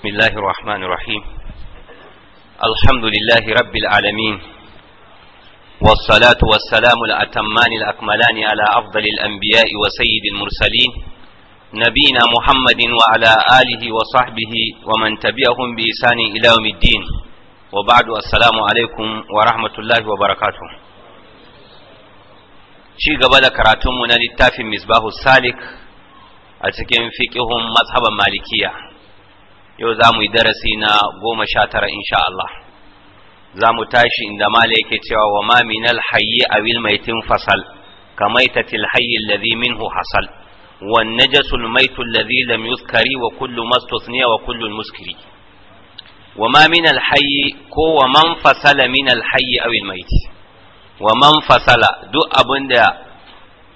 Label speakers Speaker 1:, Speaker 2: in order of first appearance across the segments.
Speaker 1: بسم الله الرحمن الرحيم الحمد لله رب العالمين والصلاة والسلام الأتمان الأكملان على أفضل الأنبياء وسيد المرسلين نبينا محمد وعلى آله وصحبه ومن تبعهم بإحسان إلى يوم الدين وبعد السلام عليكم ورحمة الله وبركاته شيء قبل كراتمنا للتافي مصباح السالك أتكلم فيكهم مذهب مالكية yau za mu yi darasi na goma sha tara insha Allah za mu tashi inda mala yake cewa wa ma min alhayyi awil maitin fasal kamaitati alhayyi alladhi minhu hasal wan najasul maitu alladhi lam yuskari wa kullu mastusniya wa kullu muskiri wa ma ko wa man fasala min alhayyi awil maiti wa man fasala duk abinda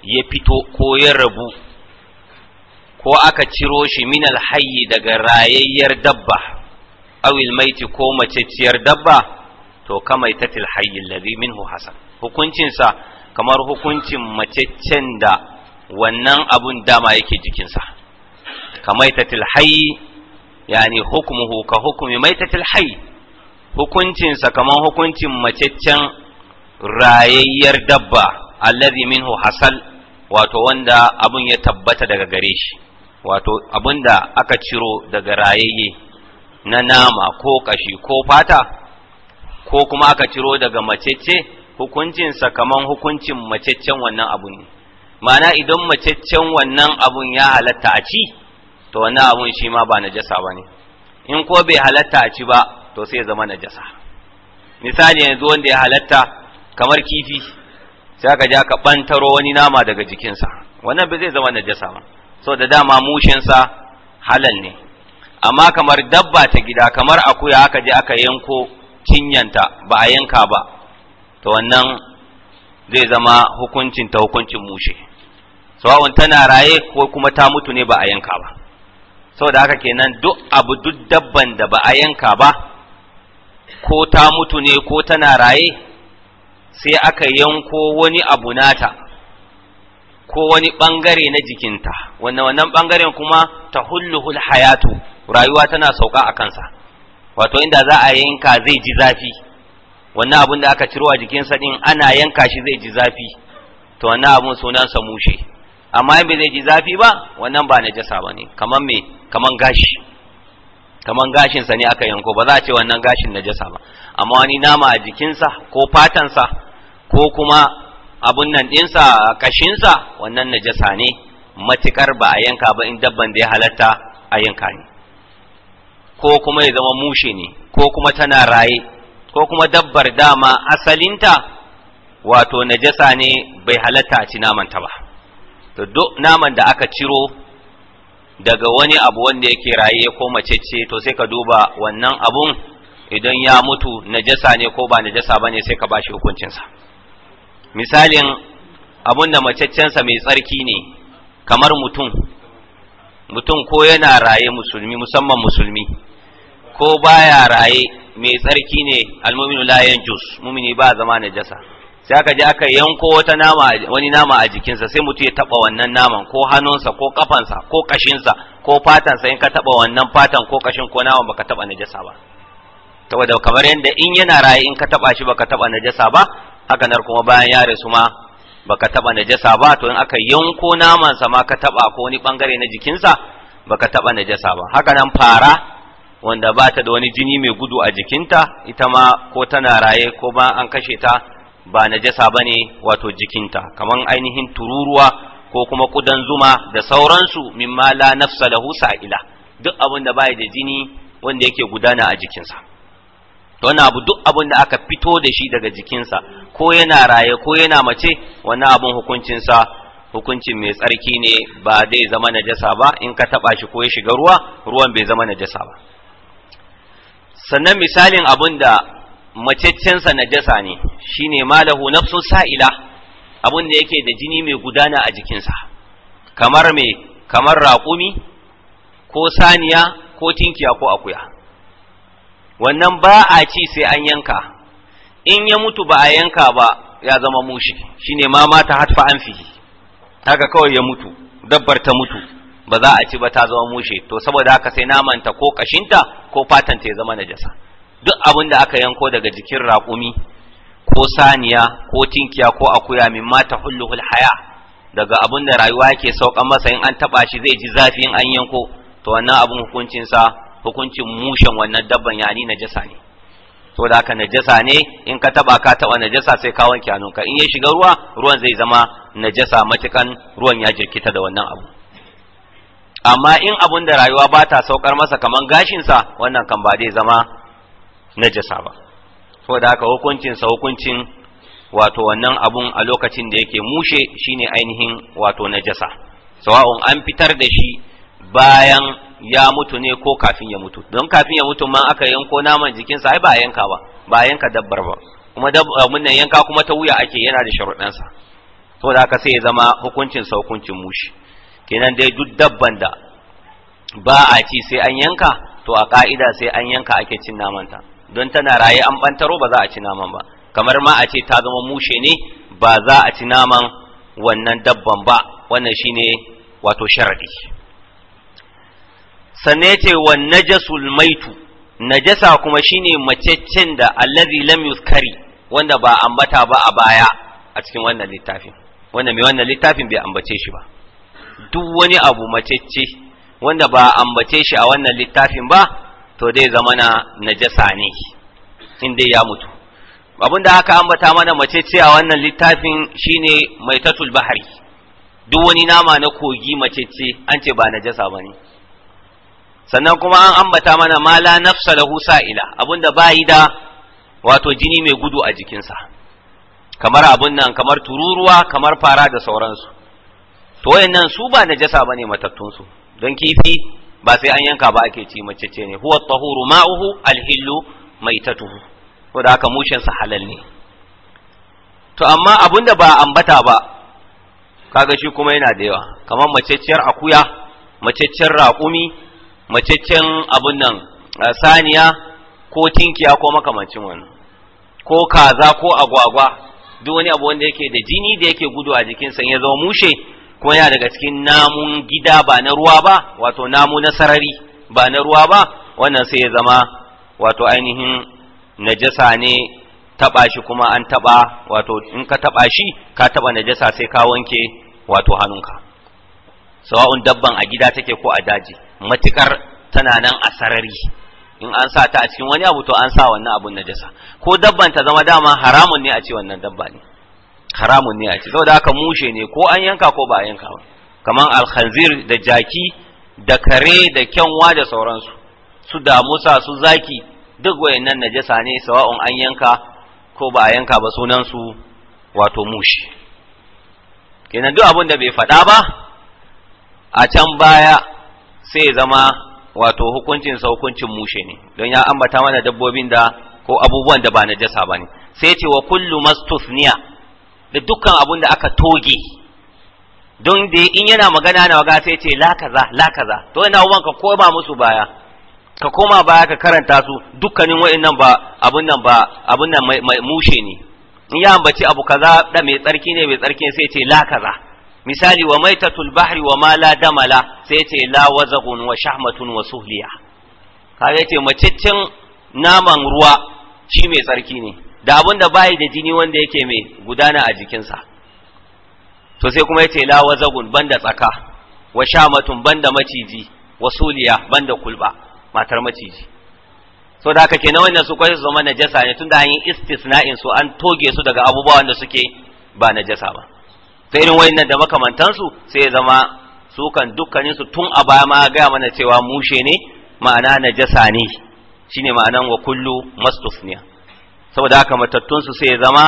Speaker 1: ya fito ko ya rabu ko aka ciro shi min alhayyi daga rayayyar dabba awil maiti ko ciyar dabba to kamai tatil hayyi alladhi minhu hasan hukuncinsa kamar hukuncin maceccen da wannan abun dama yake jikinsa kamai tatil hayyi yani hukumuhu ka hukumi maitatil hayyi hukuncinsa kamar hukuncin maceccen rayayyar dabba alladhi minhu hasal wato wanda abun ya tabbata daga gare shi wato abinda aka ciro daga rayayye na nama ko kashi ko fata ko kuma aka ciro daga macece hukuncinsa kaman hukuncin macecen wannan abu ne ma'ana idan macecen wannan abun ya halatta a ci to wannan abun shi ma ba najasa ba in ko bai halatta a ci ba to sai zama najasa misali yanzu wanda ya halatta kamar kifi sai ka ja ka ɓantaro wani nama daga jikinsa wannan bai zai zama najasa ba so da dama mushinsa halal ne amma kamar dabba ta gida kamar akuya aka je aka yanko cinyanta ba a yanka ba to wannan zai zama hukuncin ta hukuncin mushe sawa'un tana raye ko kuma ta mutu ne ba a yanka ba saboda haka kenan duk abu duk dabban da ba a yanka ba ko ta mutu ne ko tana raye sai aka yanko wani abu nata ko wani bangare na jikinta wannan wannan bangaren kuma tahulluhul hayatu rayuwa tana sauka a kansa wato inda za a yanka zai ji zafi wannan abun da aka ciro a jikinsa din ana yanka shi zai ji zafi to wannan abun sunansa mushe amma in bai zai ji zafi ba wannan ba najasa bane kaman me kaman gashi kaman gashin sa ne aka yanko ba za a ce wannan gashin najasa ba amma wani nama a jikinsa ko fatansa ko kuma abun nan ɗinsa kashinsa wannan najasa ne matukar ba a yanka ba in dabban da ya halatta a yanka ne ko kuma ya zama mushe ne ko kuma tana raye ko kuma dabbar dama asalinta wato najasa ne bai halatta a ci namanta ba to duk naman da aka ciro daga wani abu wanda yake raye ko macece to sai ka duba wannan abun idan ya mutu najasa ne ko ba najasa ne sai ka bashi hukuncinsa misalin abun da macaccensa mai tsarki ne kamar mutum mutum ko yana raye musulmi musamman musulmi ko baya raye mai tsarki ne almuminu layan jus mumini ba zama na jasa, sai aka je aka yanko wata nama wani nama a jikinsa sai mutum ya taba wannan naman ko hannunsa ko kafansa ko kashinsa ko fatansa in ka taba wannan fatan ko kashin ko naman baka taba najasa ba saboda kamar yadda in yana raye in ka taba shi baka taba najasa ba haka nan kuma bayan ya rasu ma baka taba najasa ba to in aka yanko naman sa ma ka taba ko wani bangare na jikinsa baka taba najasa ba haka nan fara wanda ba ta da wani jini mai gudu a jikinta ita ma ko tana raye ko ba an kashe ta ba najasa ba ne wato jikinta kaman ainihin tururuwa ko kuma kudan zuma da sauransu mimma la nafsa lahu sa'ila duk abin da bai da jini wanda yake gudana a jikinsa to wannan abu duk abin da aka fito da shi daga jikinsa ko yana raye ko yana mace wannan abun hukuncinsa hukuncin mai tsarki ne ba dai zama najasa ba in ka taba shi ko ya shiga ruwa ruwan bai zama najasa ba sannan misalin abun da sa najasa ne shine malahu nafsu sa'ila abun da yake da jini mai gudana a jikinsa kamar mai kamar raƙumi ko saniya ko tinkiya ko akuya wannan ba a ci sai an yanka in ya mutu ba a yanka ba ya zama mushi shi ne ma mata hatfa an fi haka kawai ya mutu dabbar ta mutu ba za a ci ba ta zama mushe to saboda haka sai namanta ko kashinta ko fatan ta ya zama najasa duk abin da aka yanko daga jikin raƙumi ko saniya ko tinkiya ko akuya min mata hulluhul haya daga abin da rayuwa yake saukan masa in an taba shi zai ji zafi in an yanko to wannan abin hukuncinsa hukuncin mushen wannan dabban yani najasa ne To da haka najasa ne in ka taba ka taba najasa sai ka wanke hannunka in ya shiga ruwa ruwan zai zama najasa matukan ruwan ya jirkita da wannan abu amma in abun da rayuwa ba ta saukar masa kaman sa wannan kan ba zai zama najasa ba saboda haka sa hukuncin wato wannan abun a lokacin da yake mushe shine ainihin wato najasa sawa'un an fitar da shi bayan ya mutu ne ko kafin ya mutu don kafin ya mutu ma aka yanko naman jikinsa ai ba yanka ba ba yanka dabbar ba kuma mun eh, yanka kuma ta wuya ake yana da sharuɗansa to da aka sai ya zama hukuncin sa hukuncin mushi kenan dai duk dabban da ba a ci sai an yanka to a ka'ida sai an yanka ake cin naman ta don tana raye an bantaro ba za a ci naman ba kamar ma a ce ta zama mushe ne ba za a ci naman wannan dabban ba wannan shine wato sharadi sannan ya ce wa najasul maitu najasa kuma shine macaccen da allazi lam yuzkari wanda ba ambata ba a baya a cikin wannan littafin wanda mai wannan littafin bai ambace shi ba duk wani abu macecce wanda ba ambace shi a wannan littafin ba to dai zama na najasa ne in dai ya mutu abin da aka ambata mana macecce a wannan littafin shine maitatul bahari duk wani nama na kogi macecce an ce ba najasa ba ne sannan kuma an ambata mana ma la nafsa lahu sa'ila abinda bayi da wato jini mai gudu a jikinsa kamar abun nan kamar tururuwa kamar fara da sauransu to wayannan su ba najasa bane matattun su don kifi ba sai an yanka ba ake ci mace ce ne huwa tahuru ma'uhu alhillu maitatuhu to da haka mushin sa halal ne to amma abinda ba ambata ba kaga shi kuma yana da yawa kamar macecciyar akuya macecciyar raƙumi macaccen abun nan saniya ko tinkiya ko makamancin wani, ko kaza ko agwagwa duk wani abu wanda yake da jini da yake gudu a jikinsa ya zama mushe Ko yana daga cikin namun gida ba na ruwa ba wato namu na sarari ba na ruwa ba wannan sai ya zama wato ainihin najasa ne taba shi kuma an taba wato in ka taba shi ka taba najasa sai ka wanke wato hannunka sawa'un dabban a gida take ko a daji matukar tana nan a sarari in an sa ta a cikin wani abu to an sa wannan abun najasa ko dabban ta zama dama haramun ne a ce wannan dabba ne haramun ne a ce saboda haka mushe ne ko an yanka ko ba a yanka ba kamar alkhanzir da jaki da kare da kyanwa da sauransu su damusa su zaki duk wayannan najasa ne sawa'un an yanka ko ba a yanka ba sunan su wato mushi kenan duk abun da bai faɗa ba a can baya sai zama wato hukuncin sa hukuncin mushe ne don ya ambata mana dabbobin da ko abubuwan da ba na jasa ba ne sai ce wa kullu mastusniya da dukkan abun da aka toge don da in yana magana na waga sai ce la kaza la kaza to ina uban ka koma musu baya ka koma baya ka karanta su dukkanin wa'annan ba abun nan ba abun nan mushe ne in ya ambaci abu kaza da mai tsarki ne mai tsarki sai ce la kaza misali wa maitatul bahri wa ma la damala sai ce la wazagun wa shahmatun wa suhliya kaga yace macicin naman ruwa shi mai tsarki ne da abin da bayi da jini wanda yake mai gudana a jikinsa to sai kuma yace la wazagun banda tsaka wa shamatun banda maciji wa suliya banda kulba matar maciji so da haka kenan wannan su kwashe su zama najasa ne tunda an yi istisna'in su an toge su daga abubuwan da suke ba najasa ba ta irin wayannan da makamantansu sai ya zama sukan dukkanin su tun a baya ma ga mana cewa mushe ne ma'ana na jasa ne shine ma'anan wa kullu mastusniya saboda haka matattun su sai ya zama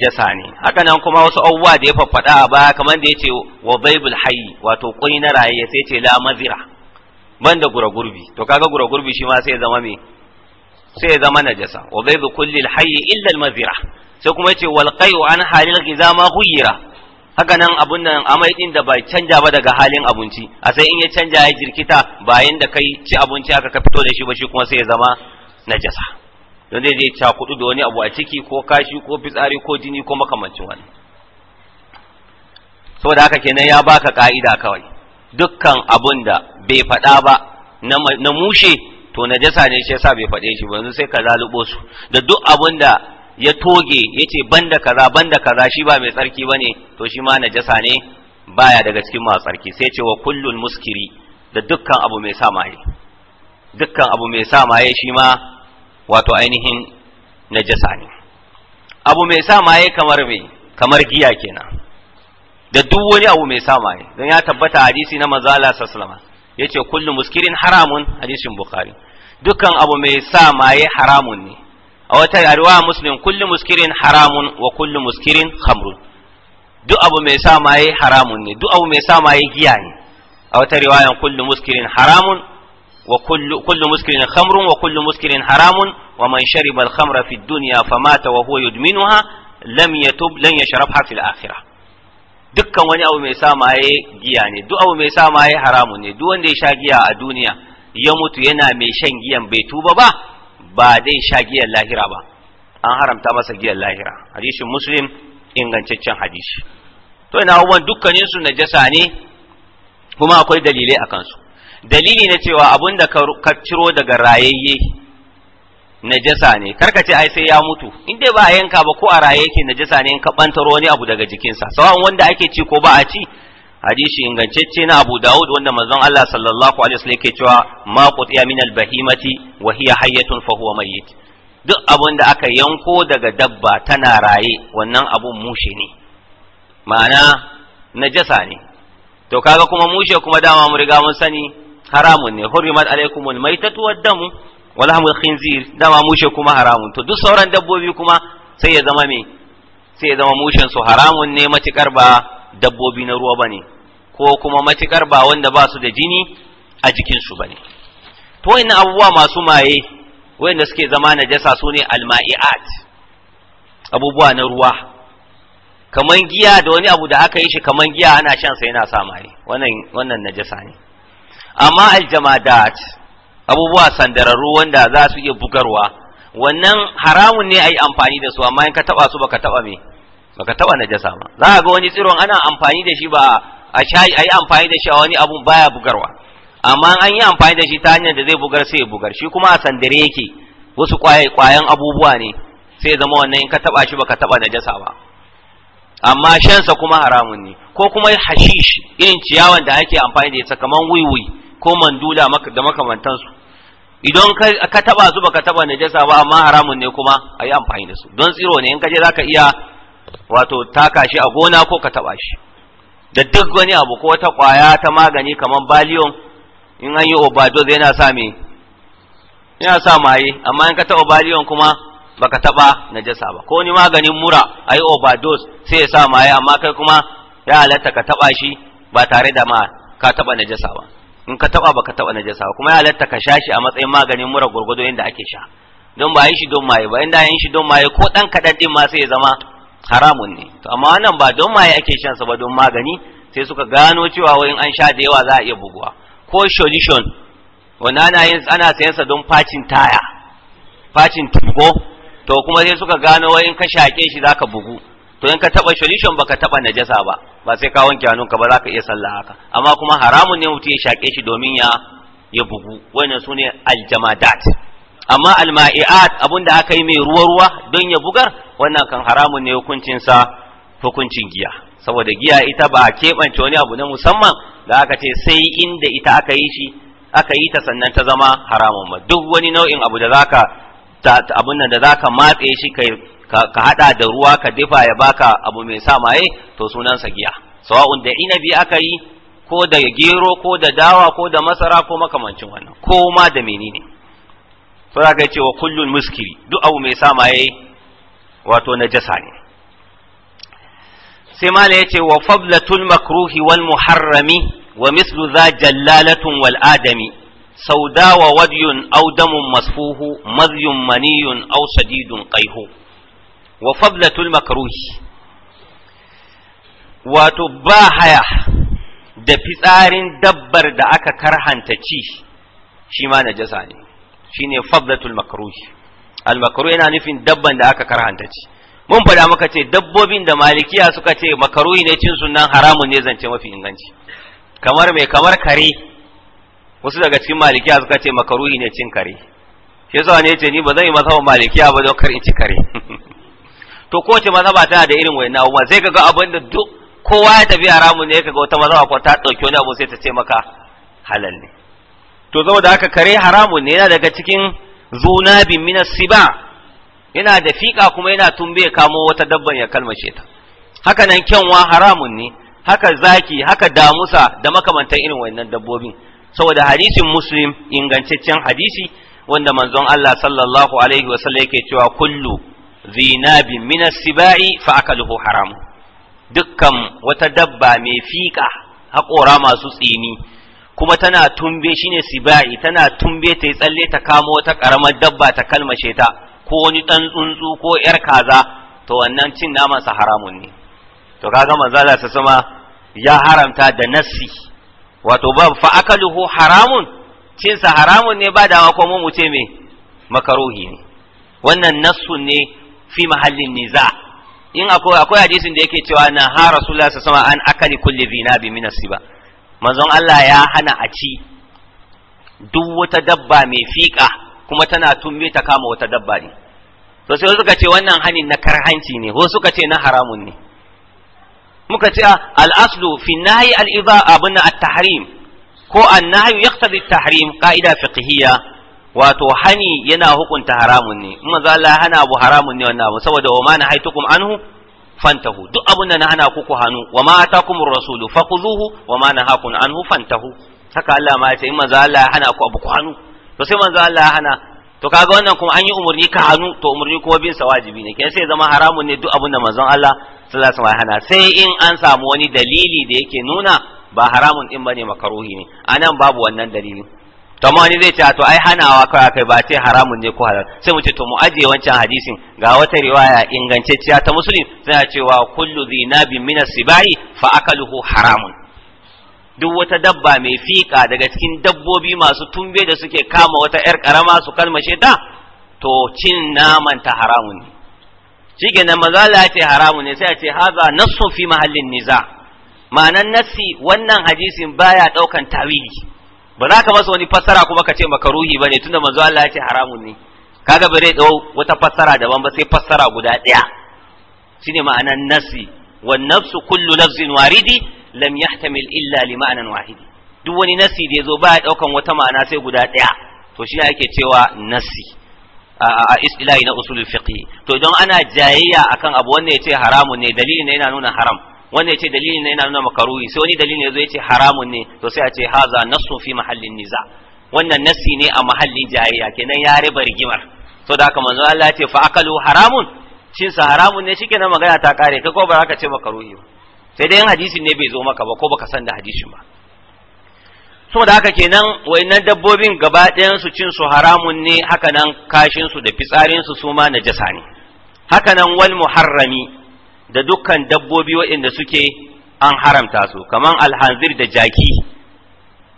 Speaker 1: jasa ne haka nan kuma wasu abubuwa da ya faffada a baya kamar da ya ce wa baibul hayi wato kwai na raye sai ce la mazira ban da guragurbi to kaga guragurbi shi ma sai ya zama me sai ya zama najasa wa baibu kulli al illa al mazira sai kuma yace wal qai'u an halil giza ma ghayyira haka nan abun nan amai din da bai canja ba daga halin abinci a sai in ya canja ya jirkita bayan da kai ci abinci aka ka fito da shi ba shi kuma sai ya zama najasa don zai je cakudu da wani abu a ciki ko kashi ko fitsari ko jini ko makamancin wani saboda haka kenan ya baka ka'ida kawai dukkan abun da bai faɗa ba na mushe to najasa ne shi yasa bai faɗe shi ba yanzu sai ka lalubo su da duk abun da ya toge ya ce ban da kaza ban da kaza shi ba mai tsarki ba ne to shi ma najasa ne baya daga cikin masu tsarki sai ce wa kullun muskiri da dukkan abu mai sa maye dukkan abu mai sa maye shi ma wato ainihin najasa ne abu mai sa maye kamar me kamar giya kenan da duk wani abu mai sa maye don ya tabbata hadisi na alaihi ya yace kullu muskirin haramun hadisin bukhari dukkan abu mai sa maye haramun ne a wata riwaya muslim kullu muskirin haramun wa kullu muskirin khamrun duk abu mai sa maye haramun ne duk abu mai sa maye giya ne a wata riwayan kullu muskirin haramun wa kullu muskirin khamrun wa kullu muskirin haramun wa man shariba al-khamra fi dunya famata wa huwa yudminuha lam yatub lan yashrabha fil akhirah dukkan wani abu mai sa maye giya ne duk abu mai sa maye haramun ne duk wanda ya sha giya a duniya ya mutu yana mai shan giyan bai tuba ba ba zai sha giyar lahira ba an haramta masa giyar lahira hadisin muslim ingantaccen hadisi to ina abubuwan dukkanin su najasa ne kuma akwai dalilai a kansu dalili na cewa abun da ka ciro daga rayayye najasa ne karka ce ai sai ya mutu in dai ba a yanka ba ko a raye yake najasa ne in ka bantaro wani abu daga jikinsa sawan wanda ake ci ko ba a ci hadisi ingantacce na Abu Dawud wanda manzon Allah sallallahu alaihi wasallam yake cewa ma qutiya min al-bahimati wa hiya hayyatun fa huwa mayyit duk abin da aka yanko daga dabba tana raye wannan abun mushe ne ma'ana najasa ne to kaga kuma mushe kuma dama mu riga mun sani haramun ne hurimat alaikumul maitatu wad-damu wa lahmul khinzir dama mushe kuma haramun to duk sauran dabbobi kuma sai ya zama me sai ya zama mushen su haramun ne matikar ba dabbobi na ruwa bane ko kuma matukar ba wanda ba su da jini a jikin su bane to wayannan abubuwa masu maye wayanda suke zama najasa su ne alma'iat abubuwa na ruwa kaman giya da wani abu da aka yi shi kaman giya ana shan sa yana sa maye wannan wannan najasa ne amma aljamadat abubuwa sandararru wanda za su iya bugarwa wannan haramun ne a yi amfani da su amma in ka taba su baka taba me baka taba najasa ba za ka ga wani tsiron ana amfani da shi ba a shayi ayi amfani da shi a wani abun baya bugarwa amma an yi amfani da shi ta hanyar da zai bugar sai ya bugar shi kuma a sandare yake wasu kwayan abubuwa ne sai zama wannan in ka taba shi baka taba najasa ba amma shansa kuma haramun ne ko kuma hashish irin ciyawan da ake amfani da ita kaman wiwi ko mandula da makamantansu idan ka taba su baka taba najasa ba amma haramun ne kuma ayi amfani da su don tsiro ne in ka je zaka iya wato taka shi a gona ko ka taba shi da duk wani abu ko wata kwaya ta magani kamar baliyon in an yi overdose yana sa me yana sa maye amma in ka taba baliyon kuma baka taba najasa ba ko ni maganin mura ayi overdose sai ya sa maye amma kai kuma ya halatta ka taba shi ba tare da ma ka taba najasa ba in ka taba baka taba najasa ba kuma ya halatta ka sha shi a matsayin maganin mura gurgudo inda ake sha don ba yi shi don maye ba inda yin shi don maye ko dan kadan din ma sai ya zama haramun ne to amma wannan ba don maye ake shan sa ba don magani sai suka gano cewa wai an sha da yawa za a iya buguwa ko solution wannan ana yin ana sayan sa don facin taya facin tubo to kuma sai suka gano wai ka shake shi zaka bugu to in ka taba solution baka taba najasa ba ba sai ka wanke hannunka ba zaka iya sallah haka amma kuma haramun ne mutum ya shake shi domin ya ya bugu wannan sune aljamadat amma alma'i'at abun da aka yi mai ruwa-ruwa don ya bugar wannan kan haramun ne hukuncinsa hukuncin giya saboda giya ita ba a keɓance wani abu na musamman da aka ce sai inda ita aka yi shi aka yi ta sannan ta zama haramun ba duk wani nau'in abu da zaka abun nan da zaka matse shi ka hada da ruwa ka dafa ya baka abu mai sa maye to sunansa giya sawa'un da inabi aka yi ko da gero ko da dawa ko da masara ko makamancin wannan ko ma da menene so za ka ce wa kullun muskiri duk abu mai sa maye wato jasa ne sai mala ya ce wa fablatul makruhi wal muharrami wa mislu za jallalatun wal adami sauda wa wadyun aw damun masfuhu madyun maniyun aw sadidun qaihu wa fablatul makruhi wato ba haya da fitsarin dabbar da aka karhanta ci shi ma najasa ne Shi ne fadlatul makruh al makruh yana nufin dabban da aka karhanta ce mun faɗa maka ce dabbobin da malikiya suka ce makaruhi ne cin sunan haramun ne zance mafi inganci kamar mai kamar kare wasu daga cikin malikiya suka ce makaruhi ne cin kare shi yasa ne ce ni ba zan yi mazhaban malikiya ba don kar in ci kare to ko ce mazhaba tana da irin wayannan abubuwa sai kaga abin da duk kowa ya tafi haramun ne kaga wata mazhaba ko ta dauke wani abu sai ta ce maka halal ne to da haka kare haramun ne yana daga cikin zunabin minas siba yana da fiƙa kuma yana tumbe kamo wata dabban ya kalmashe ta haka nan kyanwa haramun ne haka zaki haka damusa da makamantan irin wannan dabbobin saboda hadisin muslim ingantaccen hadisi wanda manzon Allah sallallahu alaihi wasallam yake cewa kullu zinabin minas sibai fa akaluhu haram dukkan wata dabba mai fiƙa haƙora masu tsini kuma tana tumbe ne sibai tana tumbe ta yi tsalle ta kamo wata karamar dabba ta kalmashe ta ko wani ɗan tsuntsu ko yar kaza to wannan cin naman haramun ne to kaga manzo Allah sama ya haramta da nassi wato ba fa akaluhu haramun cin haramun ne ba dama ko mu ce me makaruhi ne wannan nassu ne fi mahallin niza in akwai akwai hadisin da yake cewa na ha rasulullah sallallahu alaihi an akali kulli zinabi min asiba manzon Allah ya hana a ci duk wata dabba mai fiƙa kuma tana tumbe ta kama wata dabba ne to sai suka ce wannan hanin na karhanci ne ko suka ce na haramun ne muka ce ah, al-aslu fi nahyi al-idha abuna at-tahrim ko an-nahyu yaqtadi at-tahrim qa'ida fiqhiyya wato hani yana hukunta haramun ne in manzo Allah hana abu haramun ne wannan abu saboda wa ma na haitukum anhu fantahu duk abun da na hana ku hannu wa ma atakumur rasulu fakhuzuhu wa ma nahakum anhu fantahu haka Allah ma ya ce in manzo Allah ya hana ku abu hannu to sai manzo Allah ya hana to kaga wannan kuma an yi umarni ka hannu to umarni kuma bin sa wajibi ne kenan sai zama haramun ne duk abun da manzon Allah sallallahu alaihi wasallam hana sai in an samu wani dalili da yake nuna ba haramun din bane makaruhi ne anan babu wannan dalilin. to amma wani zai ce to ai hanawa kawai akai ba ce haramun ne ko halal sai mu ce to mu ajiye wancan hadisin ga wata riwaya ingantacciya ta muslim suna cewa kullu dhinabin min as-sibai fa akaluhu haramun duk wata dabba mai fiƙa daga cikin dabbobi masu tumbe da suke kama wata ‘yar karama su kalmashe ta, to cin naman ta haramun ne. Shi kenan mazala ce haramun ne sai a ce haza nassun fi mahallin niza, ma'anan nassi wannan hadisin baya ɗaukan tawili. ba za ka masa wani fassara kuma ka ce makaruhi bane tunda manzo Allah ya ce haramun ne kaga zai dau wata fassara daban ba sai fassara guda daya shine ma'anan nasi wan nafsu kullu lafzin waridi lam yahtamil illa li ma'anan wahidi duk wani nasi da yazo baya daukan wata ma'ana sai guda ɗaya. to shine ake cewa nasi a istilahi na usulul fiqh to idan ana jayayya akan abu wanda yace haramun ne dalilin ne yana nuna haram wannan yace dalilin ne yana nuna makaruhi sai wani dalilin yazo yace haramun ne to sai a ce haza nasu fi mahallin niza wannan nasi ne a mahallin jahiliya kenan ya riba rigimar to da haka manzo Allah yace fa akalu haramun cin sa haramun ne shikenan magana ta kare kai ko ba za ka ce makaruhi sai dai hadisin ne bai zo maka ba ko baka san da hadisin ba da haka kenan wayannan dabbobin gaba ɗayan su cin su haramun ne haka nan kashin su da fitsarin su suma ma najasa ne haka nan wal muharrami da dukkan dabbobi waɗanda suke an haramta su kaman alhanzir da jaki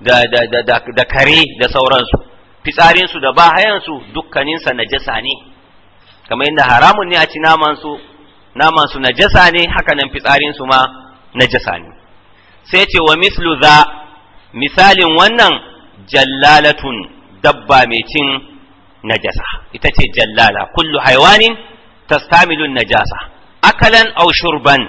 Speaker 1: da, da, da, da, da kare da sauransu fitsarinsu da bahayansu dukkaninsa najasa ne kamar yadda haramun ne a ci namansu namansu najasa ne haka nan fitsarinsu ma najasa ne sai ce wa mislu za misalin wannan jallalatun dabba mai cin najasa ita ce jallala kullu haiwanin tastamilun najasa akalan aw shurban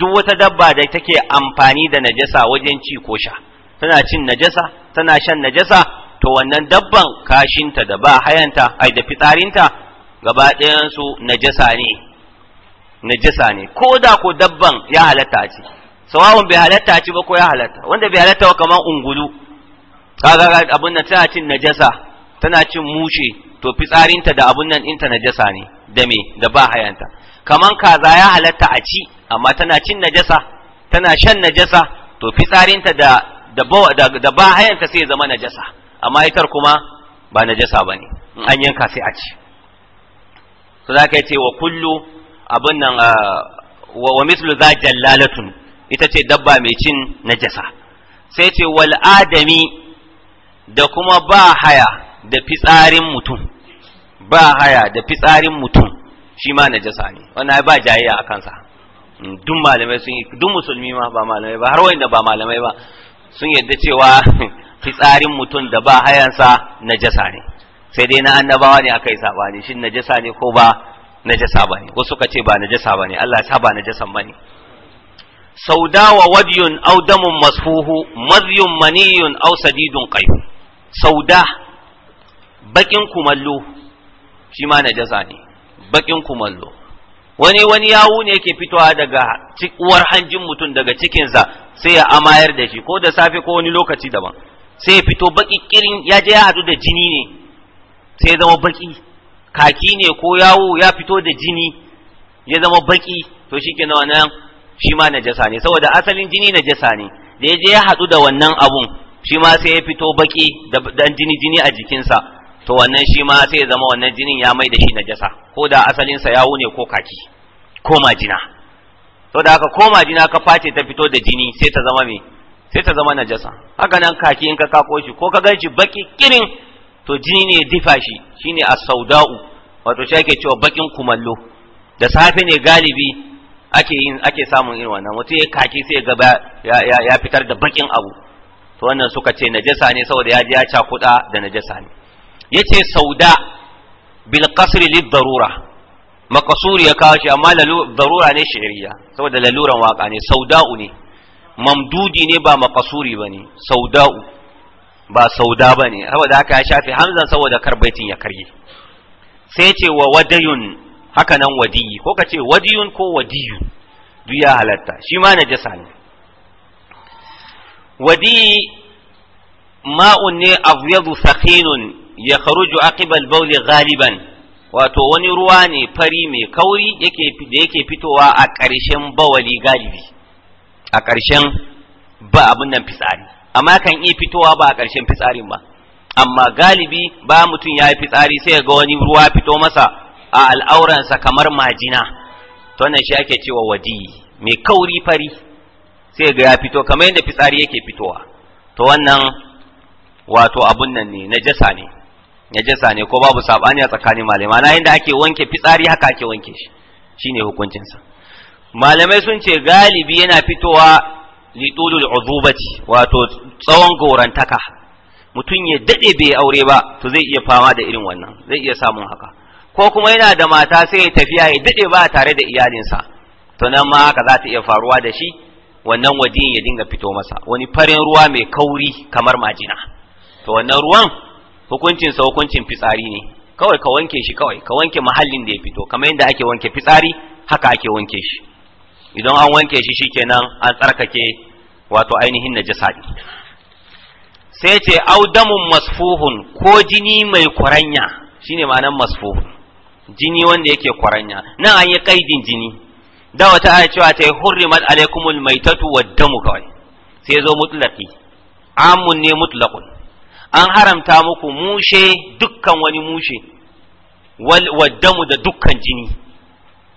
Speaker 1: duk wata dabba da take amfani da najasa wajen ci ko sha tana cin najasa tana shan najasa to wannan dabban kashinta da ba hayanta ai da fitsarinta gaba ɗayan su najasa ne najasa ne ko da ko dabban ya halatta a ci sawawun bai halatta a ci ba ko ya halatta wanda bai halatta ba kamar ungulu kaga abun nan tana cin najasa tana cin mushe to fitsarinta da abun nan ɗinta najasa ne da me da ba hayanta kaman kaza ya halatta a ci amma tana cin najasa tana shan najasa to fitsarinta da da da, da ba hayanta sai zama najasa amma itar kuma ba najasa bane in an yanka sai a ci to zaka yace wa kullu abin nan ah, wa mislu za jallalatun ita ce dabba mai cin najasa sai ce wal adami da kuma ba haya da fitsarin mutum ba haya da fitsarin mutum shi ma najasa ne wannan ba jayayya a kansa mm, duk malamai sun yi duk musulmi ma ba malamai ba har wanda ba malamai ba sun yadda cewa fitsarin mutum da ba hayansa najasa ne sai dai na annabawa ne aka yi shi na najasa ne ko ba najasa ba ne wasu ka ce ba najasa ba ne Allah ya ba najasan ba ne sauda wa wadiyun au damun masfuhu madiyun maniyun au sadidun qayu sauda bakin kumallo shi ma najasa ne bakin kumallo wani wani yawo ne yake fitowa daga uwar hanjin mutum daga cikinsa sai ya amayar da shi ko da safe ko wani lokaci daban sai ya fito baki kirin ya je ya hadu da jini ne sai ya zama baki kaki ne ko yawo ya fito da jini ya zama baki to shi ke wannan shi ma najasa ne saboda asalin jini najasa ne da ya je ya hadu da wannan abun shi ma sai ya fito baki da jini jini a jikinsa to wannan shi ma sai zama wannan jinin ya mai da shi najasa ko da asalinsa yawo ne ko kaki ko majina to da haka ko majina ka face ta fito da jini sai ta zama me sai ta zama najasa haka nan kaki in ka kako shi ko ka ganci baki kirin to jini ne difa shi shine as-sauda'u wato shi ake cewa bakin kumallo da safe ne galibi ake yin ake samun irin wannan mutum ya kaki sai gaba ya fitar da bakin abu to wannan suka ce najasa ne saboda ya ya cakuɗa da najasa ne yace sauda bil qasr lid darura makasuri ya kawo shi amma darura ne shi'iriya saboda laluran waka ne sauda'u ne mamdudi ne ba makasuri bane sauda'u ba sauda bane saboda haka ya shafi hamzan saboda karbaitin ya karye sai ce wa wadayun haka nan wadiyi ko ka ce wadiyun ko wadiyu duya halatta shi ma na najasa ne wadiyi ma'un ne abyadu sakhinun ya kharuju aqibal bawli ghaliban wato wani ruwa ne fari mai kauri yake da yake fitowa a ƙarshen bawali galibi a ƙarshen ba abin nan fitsari amma kan iya fitowa ba a ƙarshen fitsarin ba amma galibi ba mutum ya yi fitsari sai ga wani ruwa fito masa a al'auransa kamar majina to wannan shi ake cewa wadi mai kauri fari sai ga ya fito kamar yadda fitsari yake fitowa to wannan wato abun nan ne najasa ne ya jasa ne ko babu sabani a tsakanin malamai na inda ake wanke fitsari haka ake wanke shi shine hukuncinsa malamai sun ce galibi yana fitowa litulul uzubati wato tsawon gorantaka mutum ya dade bai aure ba to zai iya fama da irin wannan zai iya samun haka ko kuma yana da mata sai ya tafiya ya dade ba tare da iyalinsa to nan ma haka za ta iya faruwa da shi wannan wajen ya dinga fito masa wani farin ruwa mai kauri kamar majina to wannan ruwan hukuncin sa hukuncin fitsari ne kawai ka wanke shi kawai ka wanke mahallin da ya fito kamar yadda ake wanke fitsari haka ake wanke shi idan an wanke shi shikenan an tsarkake wato ainihin najasa ne sai ce audamun masfuhun ko jini mai kwaranya shine ma'anar masfuhun jini wanda yake kwaranya nan an yi kaidin jini da wata aya cewa ta yi hurrimat alaikumul maitatu wa damu kawai sai zo mutlaqi amun ne mutlaqun an haramta muku mushe dukkan wani mushe waddamu da dukkan jini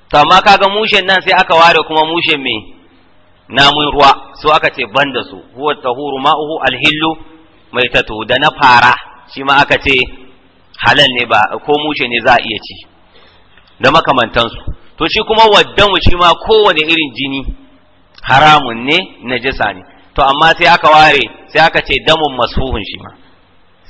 Speaker 1: to amma kaga mushen nan sai aka ware kuma mushen mai namun ruwa so aka ce ban da su huwa tahuru ma'uhu alhillu mai tato da na fara shi ma aka ce halal ne ba ko mushe ne za a iya ci da makamantansu to shi kuma waddamu shi ma kowane irin jini haramun ne najasa ne to amma sai aka ware sai aka ce damun masfuhun shi ma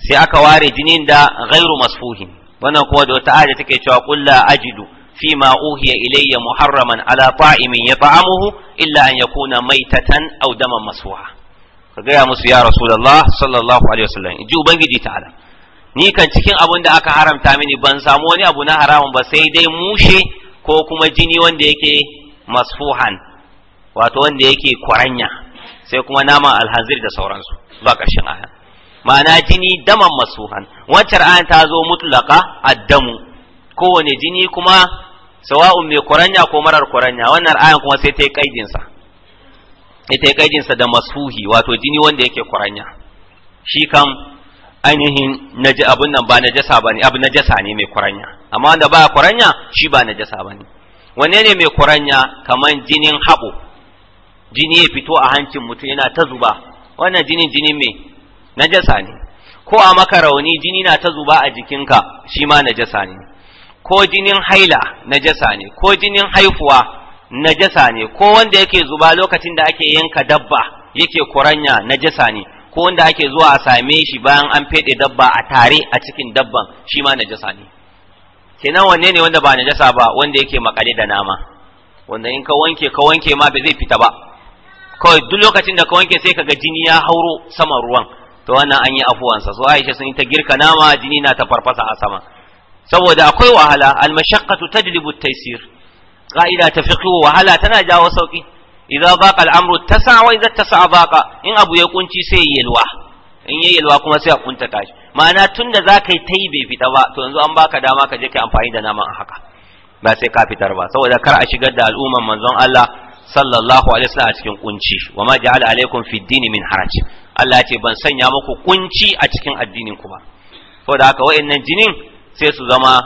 Speaker 1: sai aka ware jinin da ghairu masfuhin wannan kuma da wata aya take cewa qul la ajidu fi ma uhiya ilayya muharraman ala ta'imin yata'amuhu illa an yakuna maitatan aw daman masfuha ka gaya musu ya rasulullah sallallahu alaihi wasallam ji ubangiji ta'ala ni kan cikin abin da aka haramta mini ban samu wani abu na haramun ba sai dai mushe ko kuma jini wanda yake masfuhan wato wanda yake kwaranya sai kuma naman alhanzir da sauransu ba ƙarshen aya ma'ana jini daman masuhan wancan ayan ta zo mutlaka addamu kowane jini kuma sawa'un mai kuranya ko marar kuranya wannan ayan kuma sai ta yi kaidinsa ita yi kaidinsa da masuhi wato jini wanda yake kuranya shi kam ainihin naji abun nan ba najasa bane abu najasa ne mai kuranya amma wanda ba kuranya shi ba najasa bane wanne ne mai kuranya kaman jinin haɓo jini ya fito a hancin mutum yana ta zuba wannan jinin jinin mai najasa ne ko a maka rauni jini na ta zuba a jikinka shi ma najasa ne ko jinin haila najasa ne ko jinin haifuwa najasa ne ko wanda yake zuba lokacin da ake yanka dabba yake kuranya najasa ne ko wanda ake zuwa a same shi bayan an fede dabba a tare a cikin dabban shi ma najasa ne kenan wanne ne wanda ba najasa ba wanda yake makale da nama wanda in ka wanke ka wanke ma ba zai fita ba kawai duk lokacin da ka wanke sai ka ga jini ya hauro saman ruwan to wannan an yi afuwansa so Aisha sun yi ta girka nama jini na ta farfasa a sama saboda akwai wahala almashaqqatu tajlibu at-taysir qa'ida ta fiqhu wahala tana jawo sauki idza baqa al-amru tasa wa idza tasa baqa in abu ya kunci sai yelwa in yayi yelwa kuma sai a kunta tashi ma'ana tunda zakai tai bai fita ba to yanzu an baka dama ka je ka amfani da naman a haka ba sai ka fitar ba saboda kar a shigar da al'umman manzon Allah sallallahu alaihi wasallam a cikin kunci wa ma ja'ala alaikum fid dini min haraj Allah ce ban sanya muku kunci a cikin addinin ku ba saboda haka wa'annan jinin sai su zama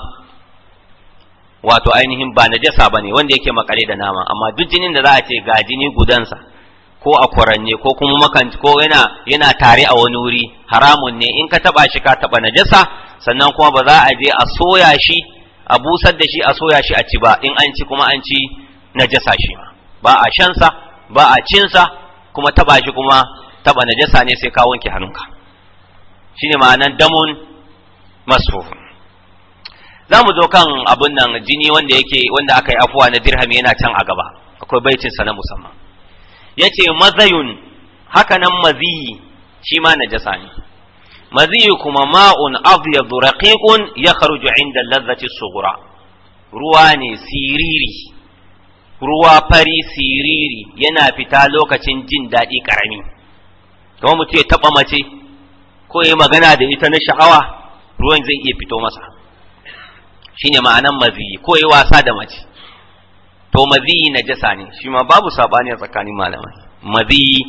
Speaker 1: wato ainihin ba na najasa ne wanda yake makare da nama amma duk jinin da za a ce ga jini gudansa ko a kwaranne ko kuma makan ko yana yana tare a wani wuri haramun ne in ka taba shi ka taba najasa sannan kuma ba za a je a soya shi a busar da shi a soya shi a ci ba in an ci kuma an ci najasa shi ba a shansa ba a cinsa kuma taba shi kuma taba najasa ne sai ka wanke hannunka shine ma'anan damun masfufun za mu zo kan abun nan jini wanda yake wanda aka yi afuwa na dirhami yana can a gaba akwai baitin sa na musamman yace mazayun haka nan maziyi shi ma najasa ne maziyi kuma ma'un abyadu raqiqun yakhruju inda lazzati sughra ruwa ne siriri ruwa fari siriri yana fita lokacin jin daɗi ƙarami kamar mutum ya taɓa mace ko ya magana da ita na sha'awa ruwan zai iya fito masa shine ma'anan maziyi ko ya wasa da mace to maziyi na jasa ne shi ma babu sabani a tsakanin malamai maziyi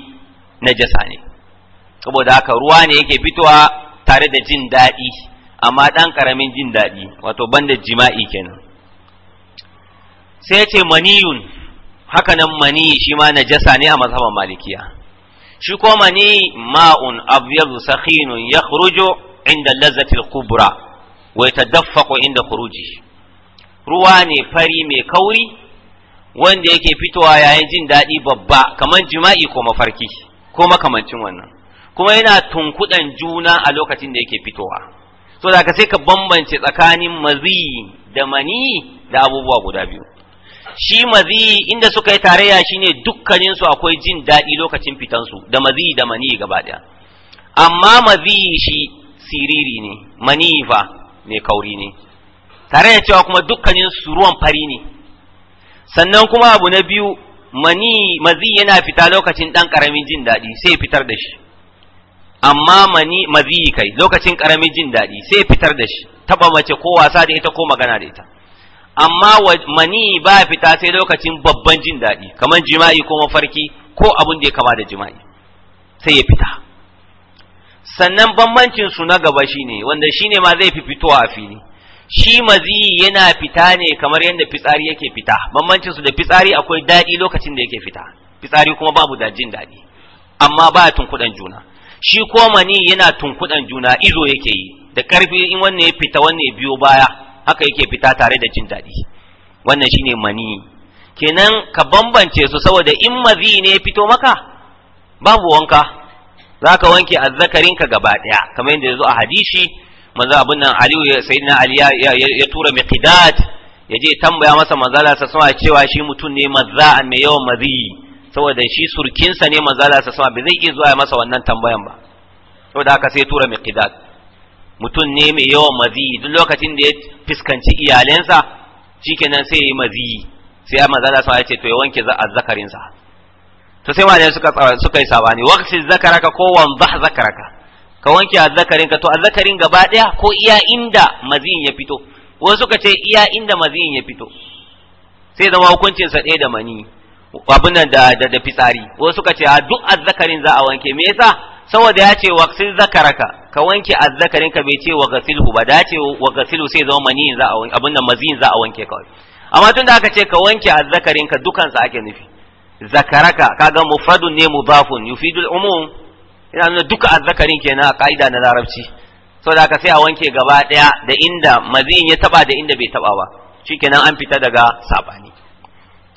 Speaker 1: na jasa ne saboda haka ruwa ne yake fitowa tare da jin daɗi amma ɗan ƙaramin jin daɗi wato banda jima'i kenan sai ya ce maniyun haka nan maniyi shi ma najasa ne a mazhaban malikiya shi ko ni ma'un abyadu sakhinun yakhruju inda lazzatil kubra wa yatadaffaqu inda khuruji ruwa ne fari mai kauri wanda yake fitowa yayin jin daɗi babba kamar jima'i ko mafarki ko makamancin wannan kuma yana tunkuɗan juna a lokacin da yake fitowa so da ka sai ka bambance tsakanin mazi da mani da abubuwa guda biyu shi mazi inda suka yi tarayya shine dukkanin su akwai jin daɗi lokacin fitansu su da mazi da mani gaba ɗaya amma mazi shi siriri ne mani fa mai kauri ne tare da cewa kuma dukkanin ruwan fari ne sannan kuma abu na biyu mani mazi yana fita lokacin ɗan ƙaramin jin daɗi sai fitar da shi amma mani mazi kai lokacin ƙaramin jin daɗi sai fitar da shi taɓa mace ko wasa da ita ko magana da ita amma mani ba fita sai lokacin babban jin daɗi kamar jima'i ko mafarki ko abin da ya kama da jima'i sai ya fita sannan bambancin su na gaba shine wanda shine ma zai fi fitowa a fili shi mazi yana fita ne kamar yadda fitsari yake fita bambancin su da fitsari akwai daɗi lokacin da yake fita fitsari kuma babu da jin daɗi amma ba tunkuɗan juna shi ko mani yana tunkuɗan juna izo yake yi da ƙarfi in wanne ya fita wanne ya biyo baya haka yake fita tare da jin daɗi wannan shine mani kenan ka bambance su saboda in mazi ne ya fito maka babu wanka za ka wanke azzakarinka gaba ɗaya kamar yadda ya zo a hadishi manzo abin nan aliyu sayyidina ali ya tura miqdad ya je tambaya masa manzala sa sama cewa shi mutum ne a mai yawan mazi saboda shi surkinsa ne manzala sa sama bai zai iya zuwa masa wannan tambayan ba saboda haka sai tura miqdad mutum ne mai yawan maziyi duk lokacin da ya fiskanci iyalensa shikenan sai ya yi maziyi sai manzo Allah sai ya ce to ya wanke a sa to sai malai suka suka yi sabani waqti zakaraka ko a zakaraka ka wanke azzakarin ka to azzakarin gaba daya ko iya inda maziyin ya fito wasu suka ce iya inda maziyin ya fito sai zama hukuncin sa ɗaya da mani abin nan da da fitsari wasu suka ce a duk azzakarin za a wanke me yasa saboda ya ce waqti zakaraka ka wanke azzakarin ka bai ce wa gasilhu ba dace wa gasilu sai zama maniyin za a wanke abin nan maziyin za a wanke kawai amma tunda aka ce ka wanke azzakarin ka dukan sa ake nufi zakaraka kaga mufradun ne mudafun al umum yana nuna duka azzakarin kenan a ka'ida na larabci saboda haka sai a wanke gaba daya da inda maziyin ya taba da inda bai taba ba shikenan an fita daga sabani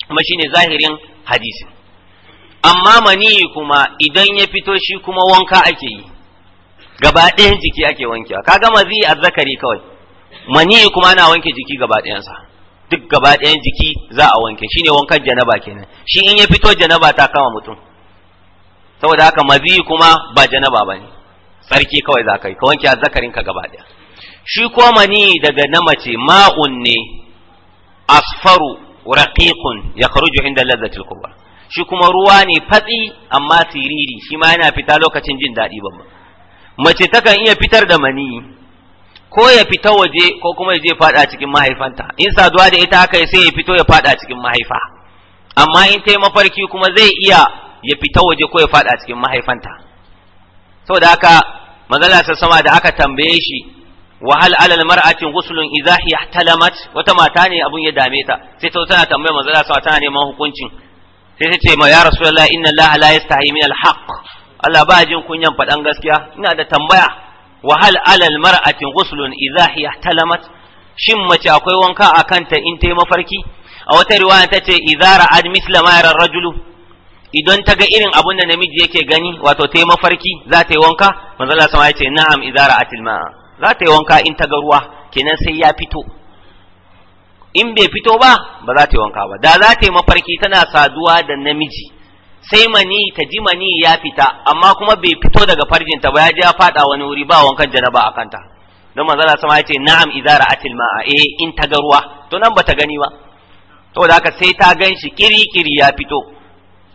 Speaker 1: kuma shine zahirin hadisi. amma mani kuma idan ya fito shi kuma wanka ake yi gaba ɗayan jiki ake wankewa ka gama zi Zakari kawai mani kuma ana wanke jiki gaba ɗayansa duk gaba ɗayan jiki za a wanke Shi ne wankan janaba kenan shi in ya fito janaba ta kama mutum saboda haka mazi kuma ba janaba ba ne. tsarki kawai za ka yi ka wanke a Zakarin ka gaba ɗaya shi ko mani daga na mace ma'un ne asfaru raqiqun yakhruju inda ladzatil kubra shi kuma ruwa ne fatsi amma siriri shi ma yana fita lokacin jin daɗi babba mace takan iya fitar da mani ko ya fita waje ko kuma ya je fada cikin mahaifanta in saduwa da ita haka sai ya fito ya fada cikin mahaifa amma in ta mafarki kuma zai iya ya fita waje ko ya fada cikin mahaifanta saboda haka magana sa sama da aka tambaye shi wa hal alal mar'atin ghuslun idha ihtalamat wata mata ne abun ya dame ta sai ta tana tambaye manzala sa tana neman hukuncin sai ta ce ma ya rasulullahi inna allaha la yastahi min al haqq Allah ba jin kunyan faɗan gaskiya ina da tambaya wahal alal mar'ati ghuslun idha hiya talamat shin mace akwai wanka a kanta in ta yi mafarki a wata riwaya ta ce idza ra'ad misla ma yara rajulu idan ta ga irin abin da namiji yake gani wato ta yi mafarki za ta yi wanka manzo Allah sama ya ce na'am idza ra'atil ma'a za ta yi wanka in ta ga ruwa kenan sai ya fito in bai fito ba ba za ta yi wanka ba da za ta yi mafarki tana saduwa da namiji sai mani ta ji mani ya fita amma kuma bai fito daga farjinta ba ya je ya fada wani wuri ba wankan janaba a kanta don Allah sama ya ce na'am idza ra'atil ma'a eh in ta ga ruwa to nan bata gani ba to da haka sai ta gan shi kiri kiri ya fito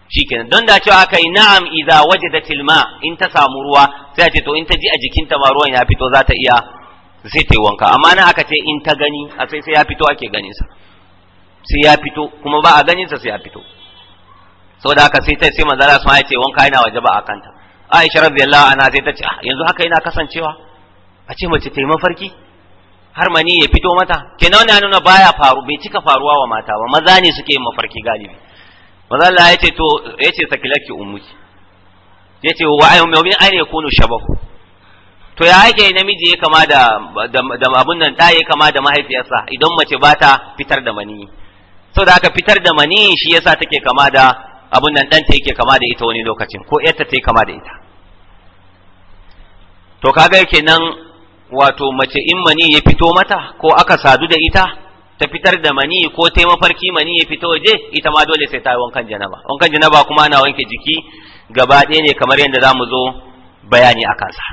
Speaker 1: shikenan don da cewa kai na'am idza wajadatil ma in ta samu ruwa sai a ce to in ta ji a jikinta ma ruwan ya fito za ta iya sai ta yi wanka amma nan aka ce in ta gani a sai sai ya fito ake ganin sa sai ya fito kuma ba a ganin sa sai ya fito da haka sai ta sai manzo Allah ya ce wanka yana wajaba a kanta Aisha radiyallahu anha sai ta ce ah, yanzu haka ina kasancewa a ce mace ta yi mafarki har mani ya fito mata kenan wannan nuna baya faru bai cika faruwa wa mata ba maza ne suke yin mafarki galibi manzo Allah ya ce to ya ce sakilaki ummuki ya ce wa ayyum yawmin ayna yakunu shabahu to ya ake namiji ya kama da da abun nan ta ya kama da mahaifiyarsa idan mace ba ta fitar da mani sau da aka fitar da mani shi yasa take kama da abun nan ɗanta yake kama da ita wani lokacin ko yarta ta yi kama da ita to kaga nan wato mace in mani ya fito mata ko aka sadu da ita ta fitar da mani ko ta mafarki mani ya fito waje ita ma dole sai ta yi wankan janaba wankan janaba kuma ana wanke jiki gaba ɗaya ne kamar yadda za mu zo bayani a kansa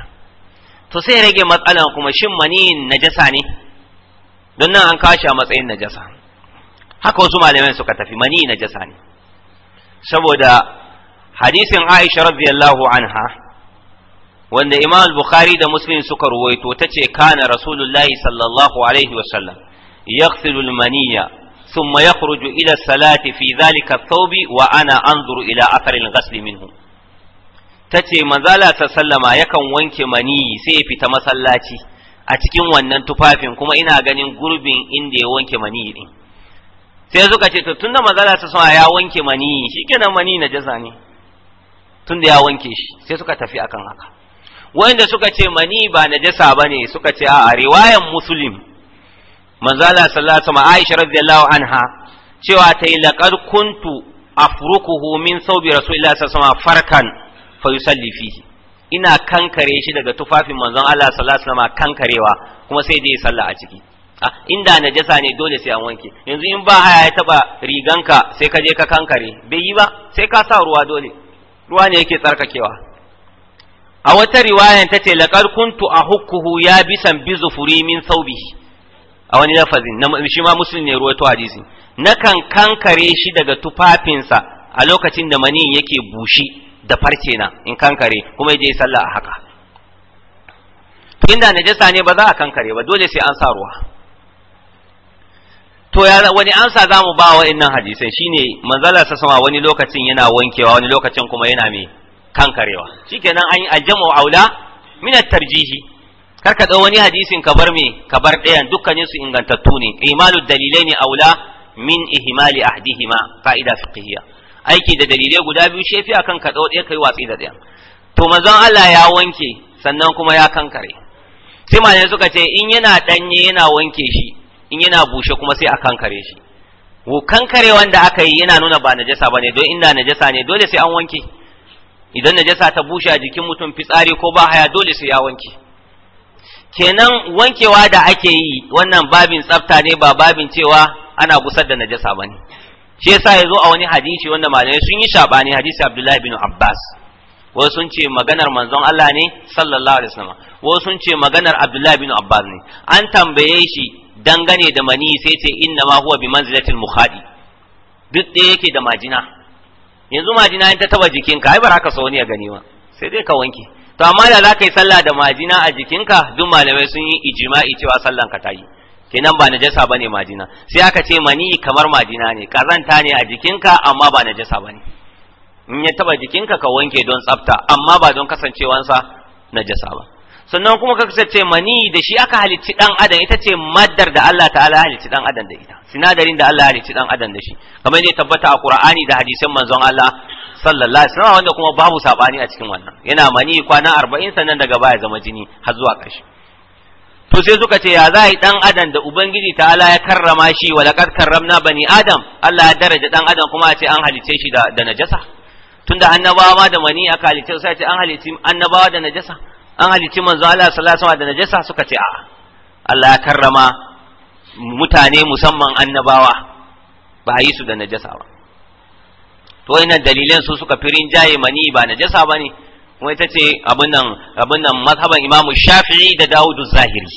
Speaker 1: to sai rage matsalan kuma shin mani najasa ne don nan an kashi a matsayin najasa haka wasu malamai suka tafi mani najasa ne saboda hadisin Aisha radiyallahu anha wanda Imam Bukhari da Muslim suka ruwaito tace kana Rasulullahi sallallahu alaihi wasallam yaghsilu al-maniyya thumma yakhruju ila salati fi dhalika thawbi wa ana anzuru ila athar al-ghasl minhu tace manzala ta sallama yakan wanke maniyi sai ya fita masallaci a cikin wannan tufafin kuma ina ganin gurbin inda ya wanke maniyi din sai suka ce to tunda manzala ta sama ya wanke mani shikenan mani na jaza ne tunda ya wanke shi sai suka tafi akan haka wanda suka ce mani ba najasa bane suka ce a riwayan muslim manzala sallallahu alaihi wasallam Aisha radiyallahu anha cewa ta yi laqad kuntu afrukuhu min saubi rasulillahi sallallahu alaihi farkan fa yusalli fihi ina kankare shi daga tufafin manzon Allah sallallahu alaihi wasallam kankarewa kuma sai je sallah a ciki Ah, inda najasa ne dole sai an wanke yanzu in ba haya ya taba riganka sai ka je ka kankare bai yi ba sai ka sa ruwa dole ruwa ne yake tsarkakewa a wata riwaya ta ce laqad kuntu ahukkuhu ya bisan bizufuri min saubi a wani lafazin na shi ma muslim ne ruwaito hadisi nakan kankare shi daga tufafinsa a lokacin da manin yake bushi da farce na in kankare kuma ya je sallah a haka inda najasa ne ba za a kankare ba dole sai an sa ruwa to ya wani ansa za mu ba wa innan hadisai shine manzala sa sama wani lokacin yana wankewa wani lokacin kuma yana me kankarewa shikenan an yi aula min tarjihi kar ka wani hadisin ka bar me ka bar ɗayan dukkanin su ingantattu ne imalu dalilai ne aula min ihmali ahdihima fa'ida fiqhiyya aiki da dalilai guda biyu shefi akan ka ɗaya kai watsi da ɗayan to manzon Allah ya wanke sannan kuma ya kankare sai ne suka ce in yana ɗanye yana wanke shi in yana bushe kuma sai a kankare shi wo kankare wanda aka yi yana nuna ba najasa bane don inda najasa ne dole sai an wanke idan najasa ta bushe a jikin mutum fitsari ko ba haya dole sai ya wanke kenan wankewa da ake yi wannan babin tsafta ne ba babin cewa ana gusar da najasa bane shi yasa yazo a wani hadisi wanda malamai sun yi shabani hadisi Abdullahi bin Abbas wasu sun ce maganar manzon Allah ne sallallahu alaihi wasallam wasu sun ce maganar Abdullahi bin Abbas ne an tambaye shi dangane da mani sai ce inna ma huwa bi manzilatil mukhadi duk ɗaya yake da majina yanzu majina in ta taba jikinka ai bar haka so ne ya gani ma sai dai ka wanke to amma da zaka yi sallah da majina a jikinka duk malamai sun yi ijma'i cewa sallan ka tayi kenan ba najasa bane majina sai aka ce mani kamar majina ne kazanta ne a jikinka amma ba najasa bane in ya taba jikinka ka wanke don tsafta amma ba don kasancewansa najasa ba sannan kuma ka kasance mani da shi aka halicci dan adam ita ce madar da Allah ta'ala halicci dan adam da ita sinadarin da Allah halicci dan adam da shi kamar ne tabbata a Qur'ani da hadisin manzon Allah sallallahu alaihi wasallam wanda kuma babu sabani a cikin wannan yana mani kwana 40 sannan daga baya zama jini har zuwa ƙarshe to sai suka ce ya zai dan adam da ubangiji ta'ala ya karrama shi wa laqad karramna bani adam Allah ya daraja dan adam kuma a ce an halice shi da, najasa tunda annabawa ma da mani aka halice sai ce an halice annabawa da najasa an halicci manzo Allah sallallahu alaihi wasallam da najasa suka ce a Allah ya karrama mutane musamman annabawa ba yi su da najasa ba to ina dalilan su suka firin jaye mani ba najasa bane kuma ita ce abin nan abin nan mazhaban Imam Shafi'i da Dawud Zahiri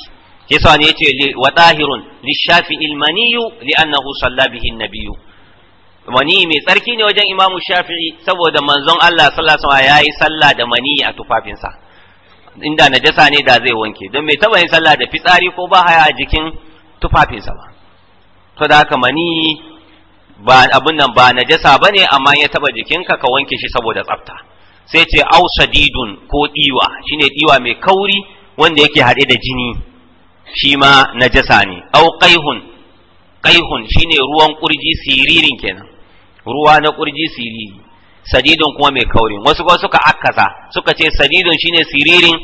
Speaker 1: yasa ne yace wa tahirun li Shafi'i al-maniyu li annahu salla bihi an-nabiyyu mani mai tsarki ne wajen Imam Shafi'i saboda manzon Allah sallallahu alaihi wasallam yayi sallah da mani a tufafinsa inda najasa ne da zai wanke don mai taba yin sallah da fitsari ko ba haya a jikin tufafinsa ba to da haka mani ba abun nan ba najasa bane amma ya taba jikinka ka wanke shi saboda tsafta sai ce au sadidun ko diwa shine diwa mai kauri wanda yake haɗe da jini shi ma najasa ne au qaihun qaihun shine ruwan kurji siririn kenan ruwa na kurji siriri sadidun kuma mai kaurin wasu kuma suka akasa suka ce sadidun shine siririn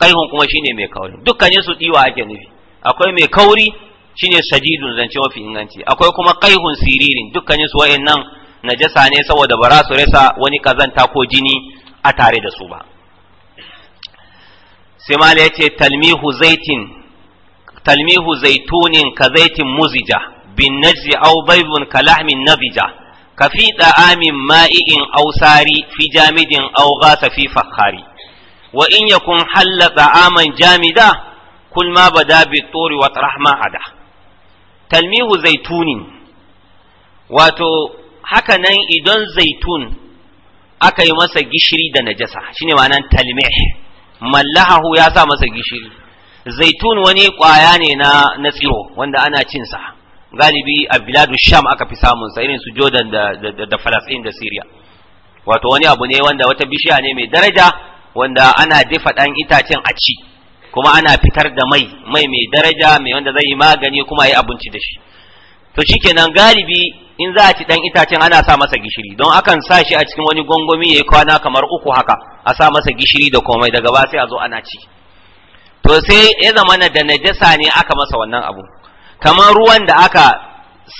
Speaker 1: kaihun kuma shine mai kaurin dukkanin su diwa ake nufi akwai mai kauri shine sadidun zance mafi inganci akwai kuma kaihun siririn dukkanin su wayennan najasa ne saboda ba za su rasa wani kazanta ko jini a tare da su ba sai mala yace talmihu zaitin talmihu zaitunin ka zaitin muzija bin najzi aw daybun ka lahmin nabija ka fi da'amin ma'i'in ausari fi jamidin aw gasa fi fakhari wa in yakun halla da'aman jamida kulma ma bada bi turi wa tarahma ada talmihu zaitunin wato haka nan idan zaitun aka yi masa gishiri da najasa shine ma'anan talmih mallahahu ya sa masa gishiri zaitun wani kwaya ne na na tsiro wanda ana cin sa galibi a biladu sham aka fi samun sa irin su jordan da da falastin da syria wato wani abu ne wanda wata bishiya ne mai daraja wanda ana dafa dan itacen a ci kuma ana fitar da mai mai mai daraja mai wanda zai yi magani kuma yi abinci da shi to shikenan galibi in za a ci dan itacen ana sa masa gishiri don akan sa shi a cikin wani gongomi yayi kwana kamar uku haka a sa masa gishiri da komai daga ba sai a zo ana ci to sai ya zama da najasa ne aka masa wannan abu kamar ruwan da aka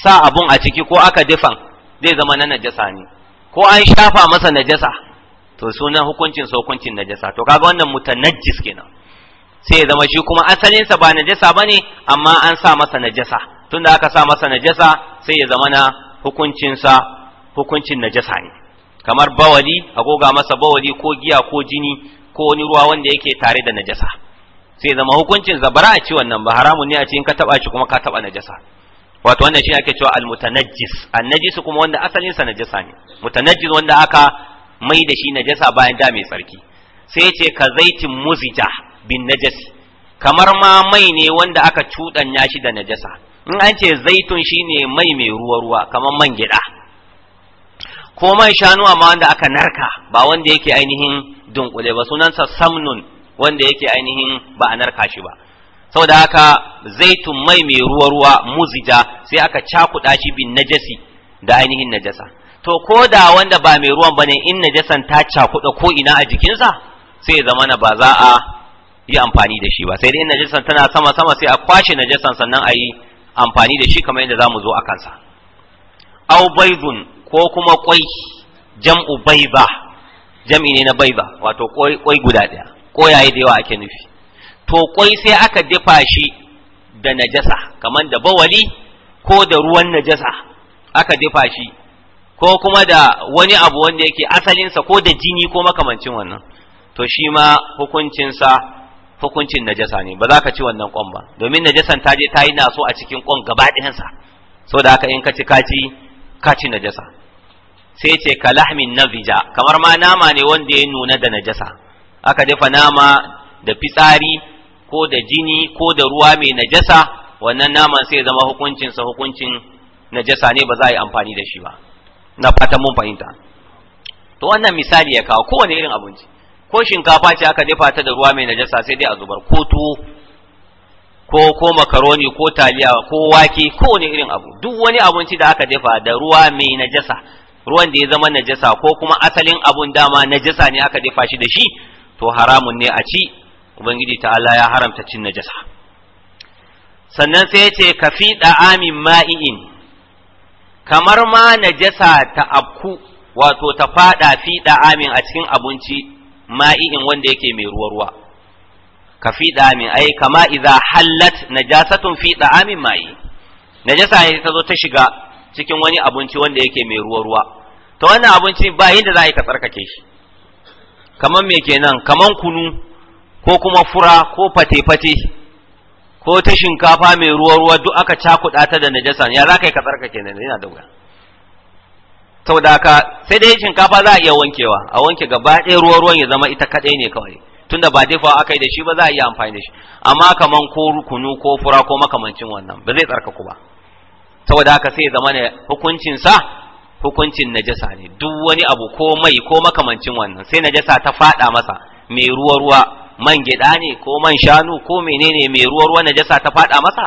Speaker 1: sa abun a ciki ko aka difan zai zama na najasa ne ko an shafa masa najasa to sunan hukuncin sa hukuncin najasa to kaga wannan mutanajjis kenan sai ya zama shi kuma asalin sa ba najasa bane amma an sa masa najasa tunda aka sa masa najasa sai ya zama na hukuncin sa hukuncin najasa ne kamar bawali a goga masa bawali ko giya ko jini ko wani ruwa wanda yake tare da najasa sai zama hukuncin zabara a ci wannan ba haramun ne a ci in ka taba shi kuma ka taba najasa wato wannan shi ake cewa almutanajjis annajis kuma wanda asalin sa najasa ne mutanajjis wanda aka mai da shi najasa bayan da mai tsarki sai ya ce ka zaitin muzija bin najasi kamar ma mai ne wanda aka ya shi da najasa in an ce zaitun shi ne mai mai ruwa ruwa kamar man gida ko man shanu amma wanda aka narka ba wanda yake ainihin dunkule ba sunansa samnun wanda yake ainihin ba a narka shi ba saboda haka zaitun mai mai ruwa ruwa muzija sai aka cakuɗa shi bin najasi da ainihin najasa to ko da wanda ba mai ruwan bane in najasan ta cakuɗa ko ina a jikinsa sai ya na ba za a yi amfani da shi ba sai dai in najasan tana sama sama sai a kwashe najasan sannan a yi amfani da shi kamar yadda za mu zo a kansa au baizun ko kuma kwai jam'u baiba jam'i ne na baiba wato kwai guda ɗaya ƙoyaye da yawa ake nufi to kwai sai aka dafa shi da najasa kamar da bawali ko da ruwan najasa aka dafa shi ko kuma da wani abu wanda yake asalinsa ko da jini ko makamancin wannan to shi ma hukuncinsa hukuncin najasa ne ba za ka ci wannan kwan ba domin najasan ta je ta yi naso a cikin kwan gaba ɗayansa saboda haka in ka ci kaci kaci najasa sai ce ka lahmin navija kamar ma nama ne wanda ya nuna da najasa aka dafa nama da fitsari ko da jini ko da ruwa mai najasa wannan naman sai zama hukuncin sa hukuncin najasa ne ba za a yi amfani da shi ba na fatan mun fahimta to wannan misali ya kawo kowane irin abinci ko shinkafa ce aka dafa ta da ruwa mai najasa sai dai a zubar ko tuwo ko ko makaroni ko taliya ko wake kowane irin abu duk wani abinci da aka dafa da ruwa mai najasa ruwan da ya zama najasa ko kuma asalin abun dama najasa ne aka dafa shi da shi to haramun ne a ci ubangiji Allah ya haramta cin najasa sannan sai ya ce ka fi amin ma'i'in kamar ma najasa ta abku wato ta fada fi amin a cikin abinci ma'i'in wanda yake mai ruwa ruwa ka fi amin ai kama idza hallat najasatun fi amin ma'i najasa ne ta zo ta shiga cikin wani abinci wanda yake mai ruwa ruwa to wannan abinci ba yadda za a yi ka tsarkake shi kaman me kenan kaman kunu ko kuma fura ko fate-fate ko ta shinkafa mai ruwa-ruwa duk aka cakuɗa ta da najasa ya za ka yi ka kenan yana da wuya Sau da aka sai dai shinkafa za a iya wankewa a wanke gaba ɗaya ruwa-ruwan ya zama ita kaɗai ne kawai tunda ba fa aka yi da shi ba za a iya amfani da shi amma kaman ko kunu ko fura ko makamancin wannan ba zai tsarkaku ba saboda haka sai ya zama ne hukuncinsa hukuncin najasa ne duk wani abu ko mai ko makamancin wannan sai najasa ta fada masa mai ruwa ruwa man gida ne ko man shanu ko menene mai ruwa ruwa najasa ta fada masa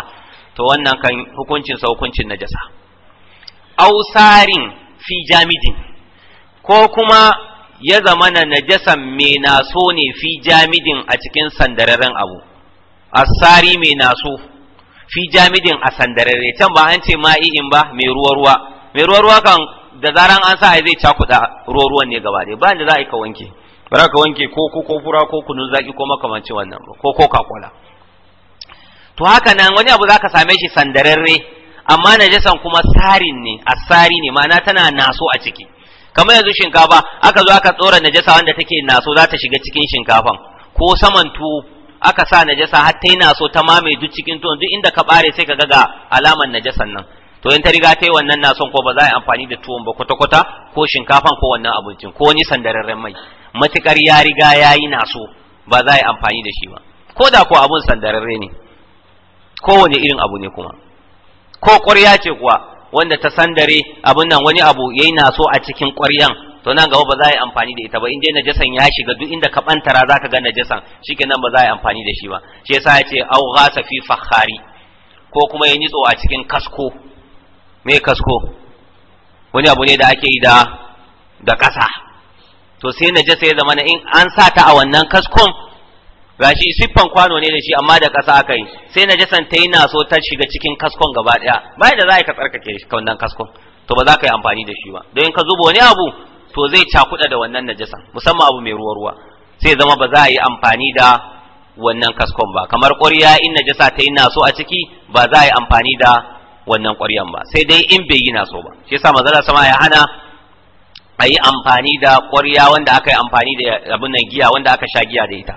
Speaker 1: to wannan kan hukuncin sa hukuncin najasa ausarin fi jamidin ko kuma ya zamana najasan mai naso ne fi jamidin a cikin sandararren abu asari mai naso fi jamidin a sandararre can ba an ce ma'i'in ba mai ruwa ruwa mai ruwa ruwa kan da zaran an sa ai zai cakuɗa ruwa ruwan ne gaba ɗaya bayan da za a yi ka wanke bara ka wanke ko ko ko fura ko kunun zaki ko makamancin wannan ko ko kakola to haka nan wani abu zaka same shi sandararre amma najasan kuma sarin ne asari ne ma'ana tana naso a ciki kamar yanzu shinkafa aka zo aka tsora najasa wanda take naso za ta shiga cikin shinkafan ko saman tuwo aka sa najasa har ta yi naso ta mamaye duk cikin tuwon duk inda ka bare sai ka ga ga alamar najasan nan to in ta riga ta yi wannan na son ko ba za a yi amfani da tuwon ba kwata-kwata ko shinkafan ko wannan abincin ko wani sandararren mai matukar ya riga ya yi na so ba za a yi amfani da shi ba ko da ko abun sandararre ne ko wani irin abu ne kuma ko ƙwarya ce kuwa wanda ta sandare abun nan wani abu ya yi na so a cikin ƙwaryan to nan gaba ba za a yi amfani da ita ba in dai najasan ya shiga duk inda ka bantara za ka ga najasan nan ba za a yi amfani da shi ba shi yasa ya ce au ghasa fi fakhari ko kuma ya nitso a cikin kasko me kasko wani abu ne da ake yi da da ƙasa to sai najasa ya zama in an sa ta a wannan kaskon gashi siffan kwano ne da shi amma da ƙasa aka yi sai najasan ta yi naso ta shiga cikin kaskon gaba ɗaya bayan da za ka tsarkake wannan kaskon to ba za ka yi amfani da shi ba don in ka zuba wani abu to zai cakuɗa da wannan jasa musamman abu mai ruwa ruwa sai zama ba za a yi amfani da wannan kaskon ba kamar ƙwarya in najasa ta yi naso a ciki ba za a yi amfani da wannan ƙwaryan ba sai dai in bai yi so ba shi yasa manzala sama ya hana a yi amfani da ƙwarya wanda aka yi amfani da abin nan giya wanda aka sha giya da ita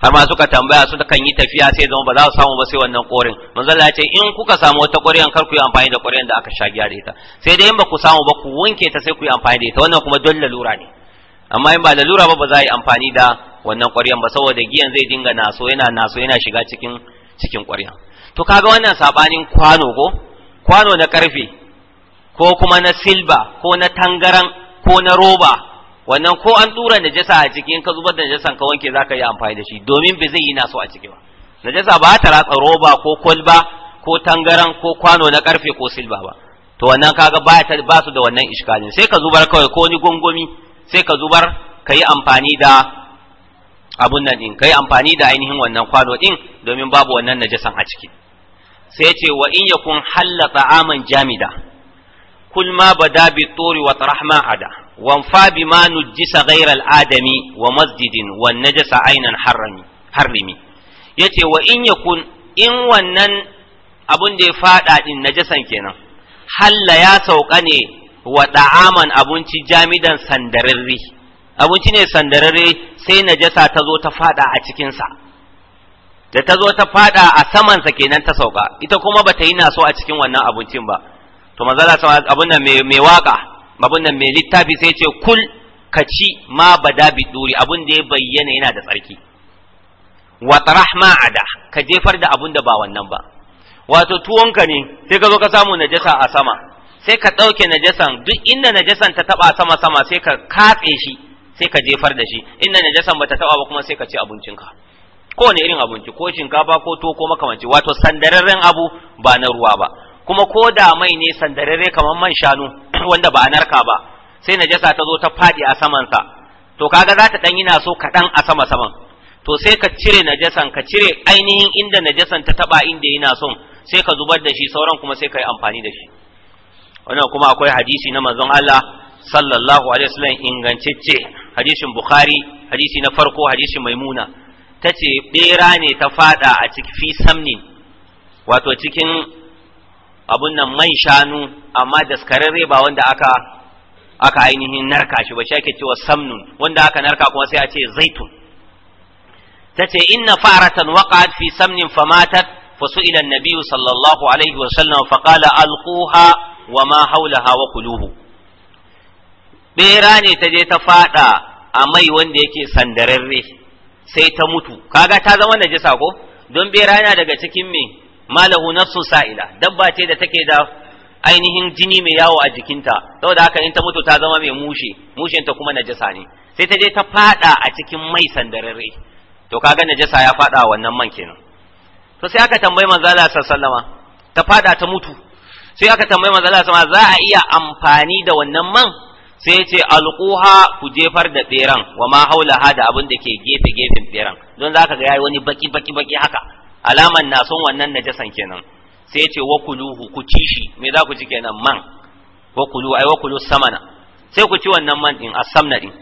Speaker 1: har ma suka tambaya su kan yi tafiya sai zama ba za su samu ba sai wannan ƙorin manzala ya ce in kuka samu wata ƙwaryan kar ku yi amfani da ƙwaryan da aka sha giya da ita sai dai in ba ku samu ba ku wanke ta sai ku yi amfani da ita wannan kuma don lalura ne amma in ba lalura ba ba za a yi amfani da wannan ƙwaryan ba saboda giyan zai dinga naso yana naso yana shiga cikin cikin ƙwaryan to kaga wannan sabanin kwano ko kwano na ƙarfe ko kuma na silba ko na tangaran ko na roba wannan ko an tura najasa a ciki in ka zubar da najasan ka wanke zaka yi amfani da shi domin bai zai yi naso a ciki ba najasa ba ta ratsa roba ko kwalba ko tangaran ko kwano na ƙarfe ko silba ba to wannan kaga ba ta ba su da wannan iskalin sai ka zubar kawai ko ni gongomi sai ka zubar ka yi amfani da abun nan din ka yi amfani da ainihin wannan kwano din domin babu wannan najasan a ciki sai ya ce wa in kun halla ta'aman jamida kul ma bada bi tori wa tarahma ada wanfa bi ma nujjisa ghayra al-adami wa masjidin wa najasa aynan harrami harrimi yace wa in kun in wannan abun da ya fada din najasan kenan halla ya sauka ne wa da'aman abinci jamidan sandararri. abinci ne sandararre sai najasa ta zo ta fada a cikinsa da ta zo ta fada a samansa kenan ta sauka ita kuma ba ta yi naso a cikin wannan abincin ba to manzo Allah sama abun nan mai mai waka abun nan mai littafi sai ce kul ka ci ma bada bi duri abun da ya bayyana yana da tsarki wa tarahma ada ka jefar da abun da ba wannan ba wato tuwonka ne sai ka zo ka samu najasa a sama sai ka ɗauke najasan duk inda najasan ta taba sama sama sai ka katse shi sai ka jefar da shi inda najasan ba ta taba ba kuma sai ka ci abincinka kowane irin abinci ko shinkafa ko tuwo ko makamanci wato sandararren abu ba na ruwa ba kuma ko da mai ne sandararre kamar man shanu wanda ba a narka ba sai najasa ta zo ta faɗi a saman samansa to kaga za ta ɗan yi so kaɗan a sama saman to sai ka cire najasan ka cire ainihin inda najasan ta taba inda yana son sai ka zubar da shi sauran kuma sai ka yi amfani da shi wannan kuma akwai hadisi na manzon Allah sallallahu alaihi wasallam ingantacce hadisin bukhari hadisi na farko hadisin maimuna ta ce ɓera ne ta fada a ciki fi samni wato cikin abun nan man shanu amma daskararre ba wanda aka aka ainihin narka shi ba shi ake cewa samnun wanda aka narka kuma sai a ce zaitun ta ce inna faratan waqa'at fi samnin famatat فسئل النبي wa ma عليه hawa kuluhu. Bera ne ta je ta fada a mai wanda yake sandararre. sai ta mutu kaga ta zama najisa ko don bera yana daga cikin me malahu nafsun sa'ila dabba ce da take da ainihin jini mai yawo a jikinta saboda haka in ta mutu ta zama mai mushe mushen ta kuma najisa ne sai ta je ta fada a cikin mai sandararre to kaga najisa ya fada wannan man kenan to sai aka tambayi manzo Allah sallama ta fada ta mutu sai aka tambayi manzo Allah sallama za a iya amfani da wannan man sai ce alquha ku jefar da tseren wa ma haulaha da abin da ke gefe gefen tseren don zaka ga yayi wani baki baki baki haka alaman na son wannan najasan kenan sai ce wa kuluhu ku ci shi me za ku ci kenan man wa kulu ai wa kulu samana sai ku ci wannan man din asamna samna din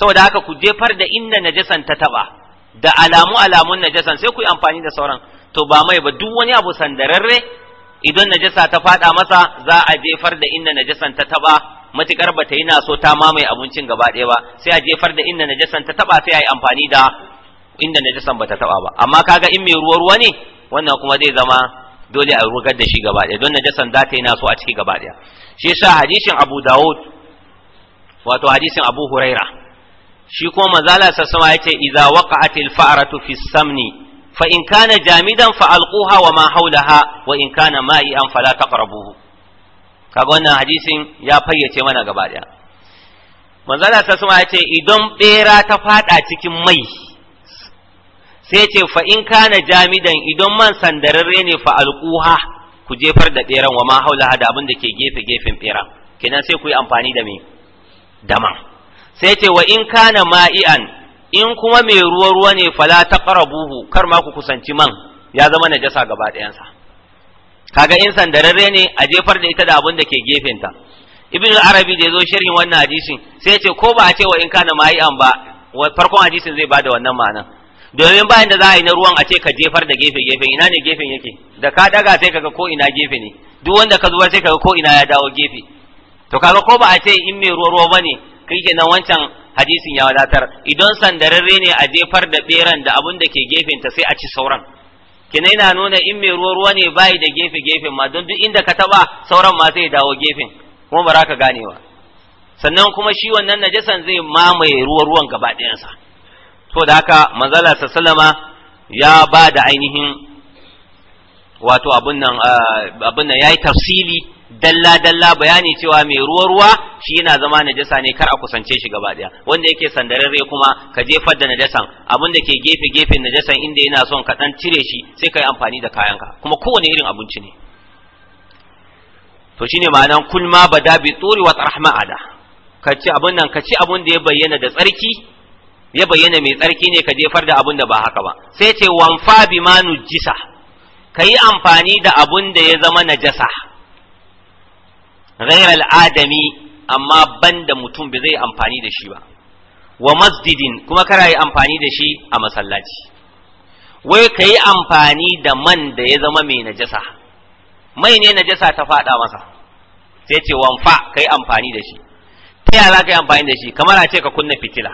Speaker 1: saboda haka ku jefar da inda najasan ta taba da alamu alamun najasan sai ku yi amfani da sauran to ba mai ba duk wani abu sandararre idan najasa ta fada masa za a jefar da inda najasan ta taba matukar ba ta yi naso ta mamaye abincin gaba ɗaya ba sai a jefar da inda najasan ta taba sai a yi amfani da inda najasan ba ta taba ba amma kaga in mai ruwa ruwa ne wannan kuma zai zama dole a rugar da shi gaba ɗaya don najasan za ta yi naso a ciki gaba ɗaya shi yasa hadisin Abu Dawud wato hadisin Abu Huraira shi kuma manzala sassama yace idza waqa'atil fa'ratu fi samni fa in kana jamidan fa alquha wa ma hawlaha wa in kana an fala taqrabuhu kaga wannan hadisin ya fayyace mana gaba daya manzala ta suma ya ce idan bera ta fada cikin mai sai ce fa in kana jamidan idan man sandararre ne fa alquha ku jefar da beran wa ma haula hada abin da ke gefe gefen beran kenan sai ku yi amfani da me dama sai ce wa in kana ma'ian in kuma mai ruwa ruwa ne fala taqrabuhu kar ma ku kusanci man ya zama najasa gaba ɗayansa kaga in sandararre ne a jefar da ita da abun da ke gefenta ibn arabi da ya zo sharhin wannan hadisin sai ya ce ko ba a ce wa in kana an ba farkon hadisin zai bada wannan ma'ana domin bayan da za a yi na ruwan a ce ka jefar da gefe gefe ina ne gefen yake da ka daga sai kaga ko ina gefe ne duk wanda ka zubar sai kaga ko ina ya dawo gefe to kaga ko ba a ce in mai ruwa ruwa bane kai kenan wancan hadisin ya wadatar idan sandararre ne a jefar da beran da abun da ke gefen ta sai a ci sauran kina na nuna in mai ruwa ruwa ne bai da gefe gefen ma don duk inda ka taba sauran ma zai dawo gefen kuma ba za ka gane ba sannan kuma shi wannan najasan zai mamaye ruwa ruwan gaba ɗayansa to da haka manzala sallama ya ba da ainihin wato abun nan ah, abun nan yayi tafsili dalla dalla bayani cewa mai ruwa ruwa shi yana zama najasa ne kar a kusance shi gaba daya wanda yake sandararre kuma ka jefar da najasan abin da ke gefe gefen najasan inda yana son ka dan cire shi sai ka yi amfani da kayanka kuma kowane irin abinci ne to shine ma'anan kul ma bada bi turi wa tarhama ada ka ci abun nan ka ci abun da ya bayyana da tsarki ya bayyana mai tsarki ne ka jefar da abun da ba haka ba sai ce wanfa bi ma jisa. ka yi amfani da abun da ya zama najasa ghairal adami amma banda mutum bai zai amfani da shi ba wa masjidin kuma kana yi amfani da shi a masallaci wai ka yi amfani da man da ya zama mai najasa mai ne najasa ta faɗa masa sai ce wanfa ka yi amfani da shi ta yaya za ka yi amfani da shi kamar a ce ka kunna fitila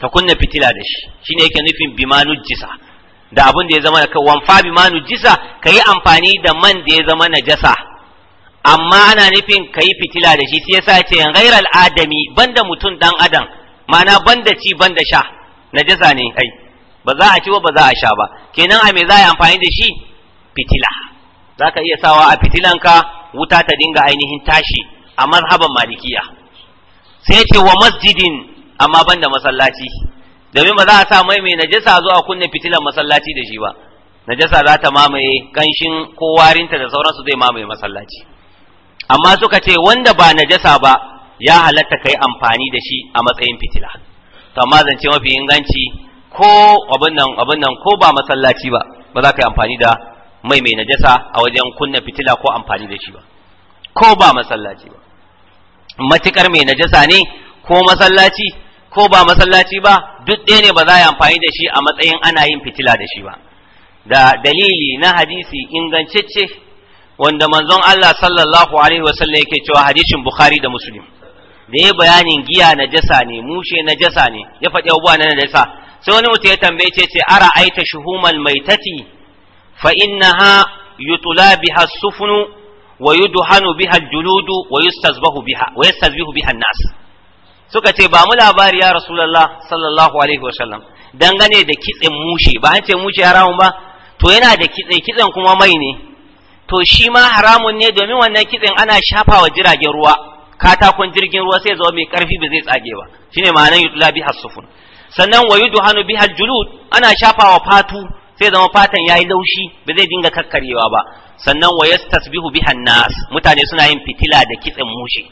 Speaker 1: ka kunna fitila da shi shine yake nufin bimanu jisa da abin da ya zama ka wanfa bimanu jisa ka yi amfani da man da ya zama najasa amma ana nufin ka yi fitila da shi sai yasa ce ghairal adami banda mutum dan adam mana banda ci banda sha na jisa ne kai. ba za a ci ba ba za a sha ba kenan a me za a yi amfani da shi fitila za ka iya sawa a fitilanka wuta ta dinga ainihin tashi a mazhaban malikiya sai ce wa masjidin amma banda masallaci domin ba za a sa mai mai najasa a kunna fitilan masallaci da shi ba najasa za ta mamaye kanshin ko warinta da sauransu zai mamaye masallaci amma suka ce wanda ba najasa ba ya halatta kai amfani da shi a matsayin fitila to amma zance mafi inganci ko abin nan abin nan ko ba masallaci ba ba za ka yi amfani da mai mai najasa a wajen kunna fitila ko amfani da shi ba ko ba masallaci ba matukar mai najasa ne ko masallaci ko ba masallaci ba duk ɗaya ne ba za a yi amfani da shi a matsayin ana yin fitila da shi ba da dalili na hadisi ingancacce wanda manzon Allah sallallahu alaihi wasallam yake cewa hadisin Bukhari da Muslim da ya bayanin giya najasa ne mushe najasa ne ya faɗi abubuwa na jasa. sai wani mutum ya tambaye ce ce ara aita shuhumal maitati fa innaha yutula biha sufnu wa yudhanu biha juludu wa yustazbahu biha wa yastazbihu biha nas suka ce ba mu labari ya rasulullah sallallahu alaihi wasallam dangane da kitsen mushe ba an ce mushe haramun ba to yana da kitse kitsen kuma mai ne to shi ma haramun ne domin wannan kitsen ana shafa wa jiragen ruwa katakon jirgin ruwa sai zama mai karfi ba zai tsage ba shine ma'anan yutla biha sufun sannan wa hannu biha julud ana shafa wa fatu sai zama fatan yayi laushi ba zai dinga kakkarewa ba sannan wa tasbihu biha nas mutane suna yin fitila da kitsen mushi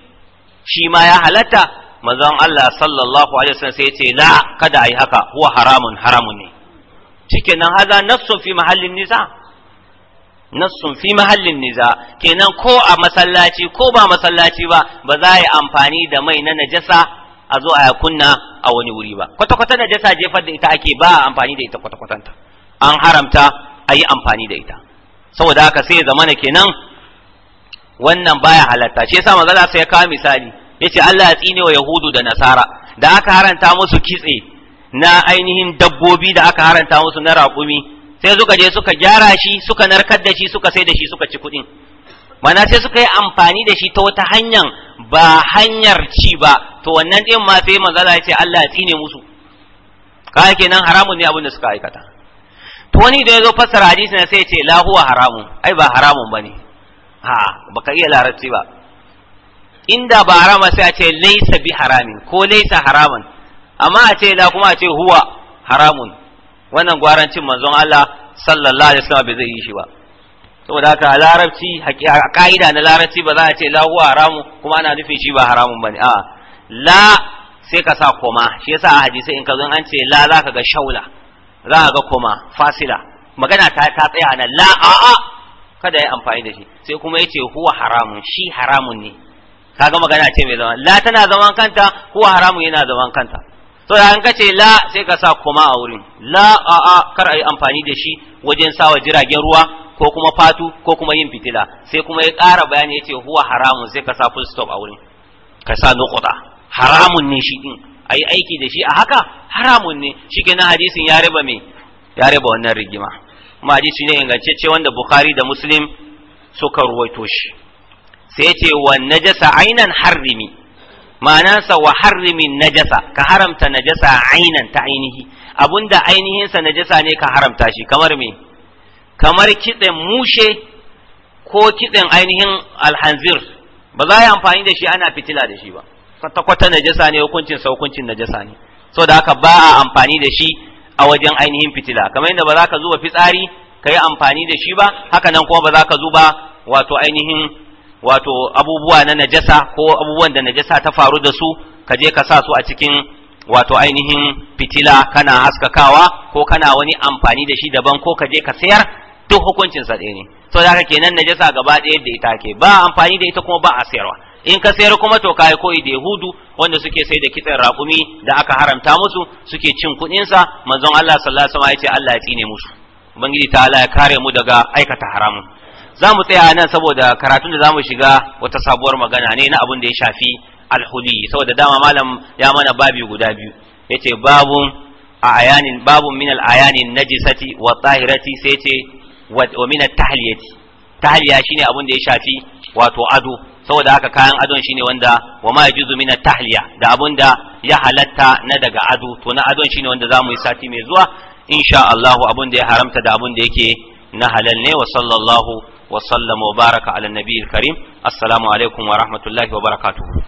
Speaker 1: shi ma ya halatta manzon Allah sallallahu alaihi wasallam sai ce la kada ai haka huwa haramun haramun ne shikenan haza nafsun fi mahallin nisa nassun fi mahallin niza kenan ko a masallaci ko ba masallaci ba ba za a yi amfani da mai na najasa a zo a kunna a wani wuri ba kwata-kwata najasa jefar da ita ake ba a amfani da ita kwata-kwatanta an haramta a yi amfani da ita saboda haka sai zama zamana kenan wannan baya halatta shi yasa maza sai ya kawo misali ce Allah ya tsine wa yahudu da nasara da aka haranta musu kitse na ainihin dabbobi da aka haranta musu na raƙumi sai suka je suka gyara shi suka narkar da shi suka sai da shi suka ci kuɗin mana sai suka yi amfani da shi ta wata hanyar ba hanyar ci ba to wannan ɗin ma sai manzala ya ce Allah ya tsine musu ka nan haramun ne abin da suka aikata to wani da ya zo fassara hadisi na sai ya ce lahuwa haramun ai ba haramun bane ha baka iya larabci ba inda ba harama sai a ce laisa bi haramin ko laisa haraman amma a ce la kuma a ce huwa haramun wannan gwarancin manzon Allah sallallahu alaihi wasallam bai zai yi shi ba saboda haka larabci ka'ida na larabci ba za a ce lahu haramu kuma ana nufin shi ba haramun bane a'a la sai ka sa koma shi yasa a hadisi in ka zo an ce la za ka ga shaula za ka ga koma fasila magana ta ta tsaya nan la a'a kada ya amfani da shi sai kuma yace huwa haramun shi haramun ne kaga magana ce mai zama la tana zaman kanta huwa haramun yana zaman kanta to da an kace la sai ka sa kuma a wurin la a a kar a yi amfani da shi wajen sawa jiragen ruwa ko kuma fatu ko kuma yin fitila sai kuma ya ƙara bayani yace huwa haramun sai ka sa full stop a wurin ka sa nuqta haramun ne shi din yi aiki da shi a haka haramun ne shikenan hadisin ya riba me ya riba wannan rigima kuma hadisi ne ingantacce wanda Bukhari da Muslim suka ruwaito shi sai yace wa najasa ainan harrimi ma'anansa wa harrimin najasa ka haramta najasa ainan ta ainihi abunda ainihinsa najasa ne ka haramta shi kamar me kamar kitsen mushe ko kitsen ainihin alhanzir ba za a yi amfani da shi ana fitila da shi ba kwata-kwata najasa ne hukuncin sa hukuncin najasa ne so da haka ba a amfani da shi a wajen ainihin fitila kamar yadda ba za ka zuba fitsari ka yi amfani da shi ba haka nan kuma ba za ka zuba wato ainihin wato abubuwa na najasa ko abubuwan da najasa ta faru da su ka je ka sa su a cikin wato ainihin fitila kana haskakawa ko kana wani amfani da shi daban ko ka je ka sayar duk hukuncin sa ɗaya ne so da kenan najasa gaba ɗaya da ita ke ba amfani da ita kuma ba a sayarwa in ka sayar kuma to kai koyi da yahudu wanda suke sai da kitsen raƙumi da aka haramta musu suke cin sa manzon Allah sallallahu alaihi wasallam ya ce Allah ya tsine musu ubangiji ta Allah ya kare mu daga aikata haramun za mu tsaya nan saboda karatun da za mu shiga wata sabuwar magana ne na abin da ya shafi alhuli saboda dama malam ya mana babi guda biyu yace babun a ayanin babun min al'ayani najisati wa tsahirati sai ce wa min tahliyati tahliya shine abin da ya shafi wato ado saboda haka kayan adon shine wanda wa ma yajuzu min tahliya da abin da ya halatta na daga ado to na adon shine wanda za mu yi sati mai zuwa insha Allah abin da ya haramta da abin da yake na halal ne wa sallallahu wa sallama wa baraka ala nabiyil karim assalamu alaikum wa rahmatullahi wa barakatuhu